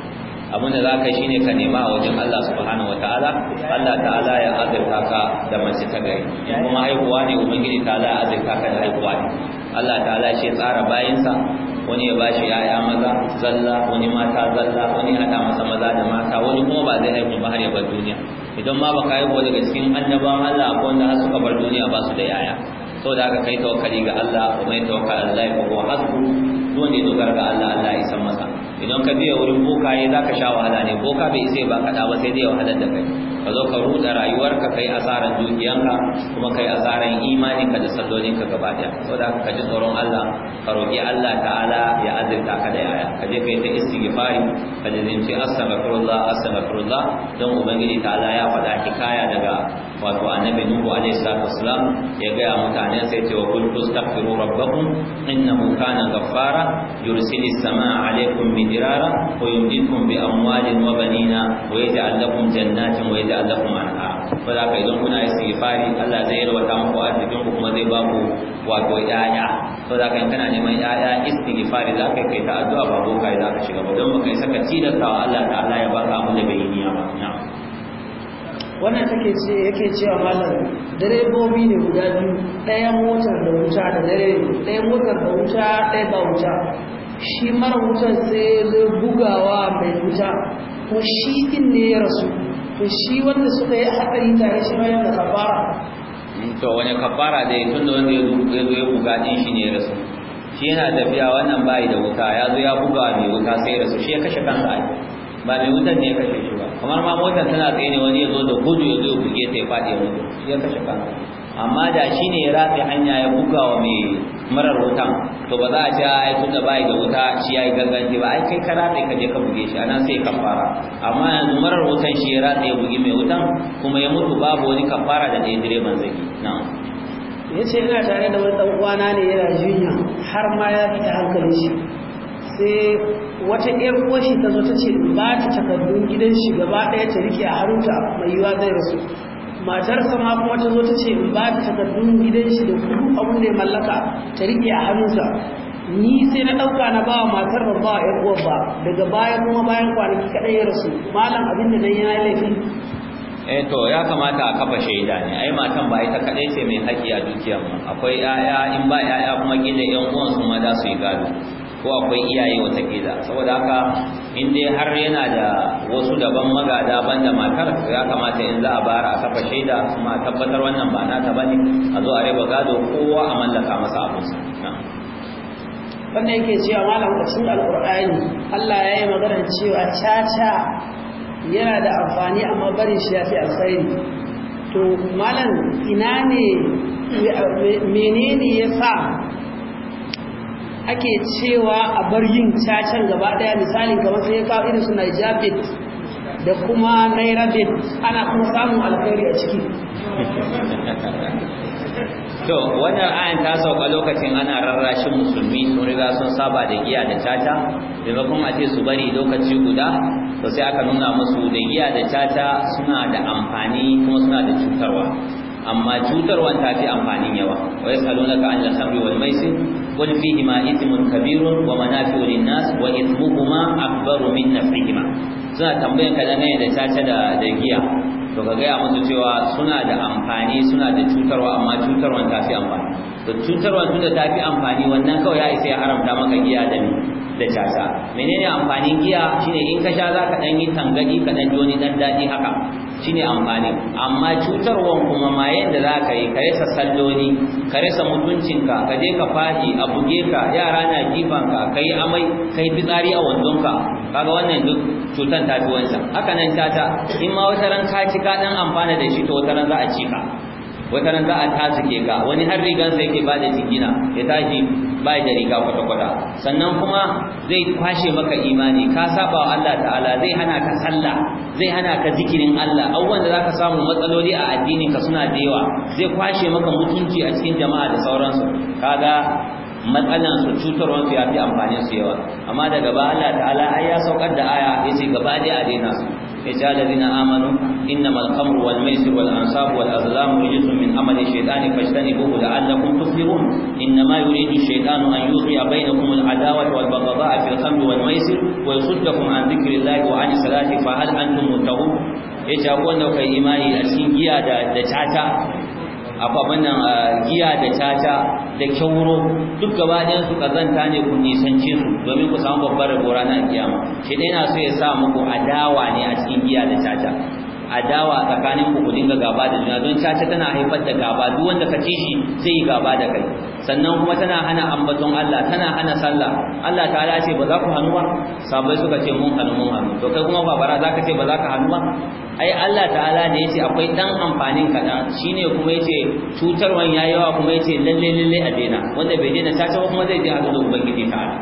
abin da zaka shine ka nema a wajen Allah subhanahu wataala Allah ta'ala ya azurta ka da mace ta gari kuma haihuwa ne ubangiji ta'ala ya azurta ka da haihuwa ne Allah ta'ala shi tsara bayansa wani ya bashi yaya maza zalla wani mata zalla wani hada masa maza da mata wani kuma ba zai haihu ba har ya duniya idan ma baka yi ko daga cikin annaban Allah ko wanda har suka bar duniya ba su da yaya da aka kai tawakkali ga Allah ko mai tawakkal Allah ko huwa hasbu wanda ya dogara ga Allah Allah ya san masa idan ka biya wurin boka yi zaka sha wahala ne boka bai sai ba kada ba sai dai wahalar da kai ka zo ka ruda rayuwarka kai asaran dukiyanka kuma kai asaran imaninka da sallolinka gaba daya saboda ka ji tsoron Allah ka roki Allah ta'ala ya azurta ka da yaya ka je kai ta istighfari ka je zinci astaghfirullah astaghfirullah don ubangiji ta'ala ya faɗa hikaya daga wato annabi nuhu alaihi salatu wassalam ya ga mutanen sai ce wa kul tastaghfiru rabbakum innahu kana ghaffara yursilis samaa alaikum midrara wa yumdidukum bi amwalin wa banina wa yaj'al lakum jannatin wa yaj'alakum anha fa za ka idan kuna istighfari Allah zai yarwata muku arzikin ku kuma zai ba ku wato yaya to za ka kana neman yaya istighfari za ka kai ta addu'a ba boka za ka shiga ba don baka saka tilastawa Allah ta'ala ya ka abu da bai yi ba wannan take ce yake cewa malam direbobi ne guda biyu ɗaya motar da wuta da dare ɗaya motar da wuta ɗaya ba wuta shi mara wutar sai ya bugawa mai wuta ko shi ne ya rasu to shi wanda suka yi haɗari tare shi ma yana kafara mm, to wani kafara dai tun da wanda ya zo ya buga din shi ne ya rasu shi yana tafiya wannan bayi da wuta ya zo ya buga mai wuta sai ya rasu shi ya kashe kansa ai ba mai wutan ne ya kashe shi ba kamar ma motar tana tsaye ne wani ya zo da gudu ya zo ya buge ta ya faɗi ya mutu shi ya kashe kansa amma da shi ne ya ratse hanya ya buga wa mai marar wutan to ba za a ce ai tun da bai da wuta shi ya yi ganganci ba ai kai ka ratse ka je ka buge shi anan sai fara amma yanzu marar wutan shi ya ratse ya bugi mai wutan kuma ya mutu babu wani kafara da ɗaya direban zaki. na ya ce ina tare da wani ɗan uwana ne yana jinya har ma ya fita hankali shi sai wata ɗan uwashi ta zo ta ce ba ta takardun gidan shi gaba ɗaya ta rike a harunta mai yiwa zai rasu matarsa ma kuma ta zo ta ce in ba ta takardun gidan shi da kudu abin da ya mallaka ta riƙe a hannunsa ni sai na ɗauka na ba matar ba ba ƴan ba daga baya kuma bayan kwanaki kaɗai ya rasu malam abin da nan yana laifi eh to ya kamata a kafa shaida ne ai matan ba ita kaɗai ce mai haƙƙi a dukiyar mu akwai ƴaƴa in ba ƴaƴa kuma gina ƴan uwan su ma za su yi gado ko akwai iyaye wata gida saboda haka in dai har yana da wasu daban magada banda matar ya kamata in za a bara a kafa shaida kuma tabbatar wannan ba nata bane a zo a raba gado kowa a mallaka masa abinsa wannan yake cewa malam cikin alqur'ani Allah ya yi magana cewa caca yana da amfani amma barin shi ya fi alkhairi to malam ina ne menene ya sa ake cewa a bar yin cacan gaba daya misalin kamar sai ya kawo irin su da kuma Nairabit ana kuma samun alkhairi a ciki [LAUGHS] to wannan ayan ta sauka lokacin ana rarrashin musulmi sun riga sun saba da giya da caca maimakon a ce su bari lokaci guda to sai aka nuna musu da giya da caca suna da amfani kuma suna da cutarwa amma cutarwa ta fi amfanin yawa wa ka an al wani wal maisir wani fihima ismun kabirun wa manafi'u linnas wa ismuhuma akbaru min nafihima suna tambayan ka dangane da caca da da giya to ka gaya musu cewa suna da amfani suna da cutarwa amma cutarwa ta fi amfani to cutarwan tunda ta fi amfani wannan kawai ya isa ya haramta maka giya da da caca menene amfanin giya shine in ka sha za ka dan yi tangadi ka dan joni dan daɗi haka shine amfani amma cutarwan kuma ma yanda za ka yi ka rasa salloni, ka rasa mutuncinka ka je ka fadi a buge ka yara na jifanka ka yi amai ka yi fitsari a wandonka kaga wannan duk cutan ta fi haka nan tata in ma wata ka ci ka dan amfana da shi to wataran za a ci ka wata nan za a ke ka wani har rigansa yake ba da jingina ya tashi ba da riga kwata-kwata sannan kuma zai kwashe maka imani ka saba wa Allah ta'ala zai hana ka sallah zai hana ka zikirin Allah abubuwan da za ka samu matsaloli a addinin ka suna da yawa zai kwashe maka mutunci a cikin jama'a da sauransu kaga matsalan su cutarwan su fi amfanin su yawa amma daga ba Allah ta'ala ai ya saukar da aya yace gaba dai a daina su يجعل الذين آمنوا إنما الخمر والميسر والأنصاب والأظلام رجس من عمل الشيطان فاجتنبوه لعلكم تفلحون إنما يريد الشيطان أن يوقع بينكم العداوة والبغضاء في الخمر والميسر ويصدكم عن ذكر الله وعن الصلاة فهل أنتم منتهون يجعل أنه كإيمان الأسين جيادة دجعتا afabanan ah, giya da tata da kyauro duk gaba ɗayan su kazanta ne ku nisance su domin ku samu babbar gora ranar kiyama shi dai na so ya sa muku adawa ne a cikin giya da tata adawa tsakanin ku ku dinga gaba da juna don caca tana haifar da gaba duk wanda ka ci shi zai yi gaba da kai sannan kuma tana hana ambaton Allah tana hana sallah Allah ta'ala ce ba za ku hannu ba sabai suka ce mun hannu mun hannu to kai kuma bara za ka ce ba za ka hannu ba ai Allah ta'ala ya yace akwai dan amfanin kaɗan shine kuma yace cutarwan yayi yawa kuma yace lalle lalle a daina wanda bai daina caca ba kuma zai je a gaban ubangiji ta'ala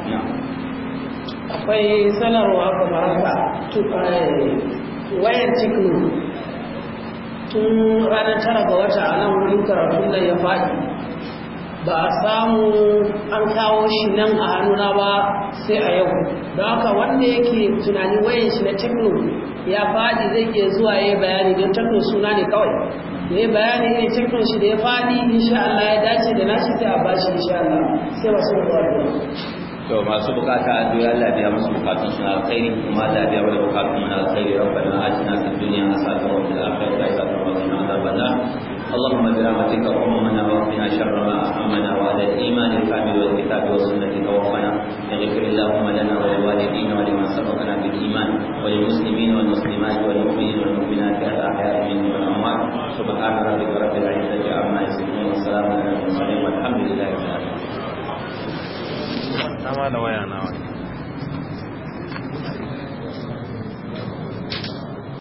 akwai sanarwa kamar kai Wayan cikin tun ranar tara ga wata a nan wurin karatu nan ya faɗi ba a samu an kawo shi nan a hannuna ba sai a yau don haka wanda yake tunani wayan shi na tekno ya faɗi zai iya zuwa ya bayani don tekno suna ne kawai ya bayani ne tekno shi da ya faɗi insha Allah ya dace da nashi sai a bashi insha Allah sai wasu ba. to masu bukata a duniya Allah ya musu bukatun shi na alkhairi kuma Allah biya wani bukatun na alkhairi rabbana atina fid dunya hasanatan wa fil akhirati hasanatan wa qina adhaban nar اللهم برحمتك ارحمنا واقنا شر ما احمنا وعلى الايمان الكامل والكتاب والسنه توفنا اغفر اللهم لنا ولوالدينا ولمن سبقنا بالايمان وللمسلمين والمسلمات والمؤمنين والمؤمنات الاحياء منهم والاموات سبحان ربك رب العزه عما يصفون والسلام على المرسلين والحمد لله رب العالمين na waya na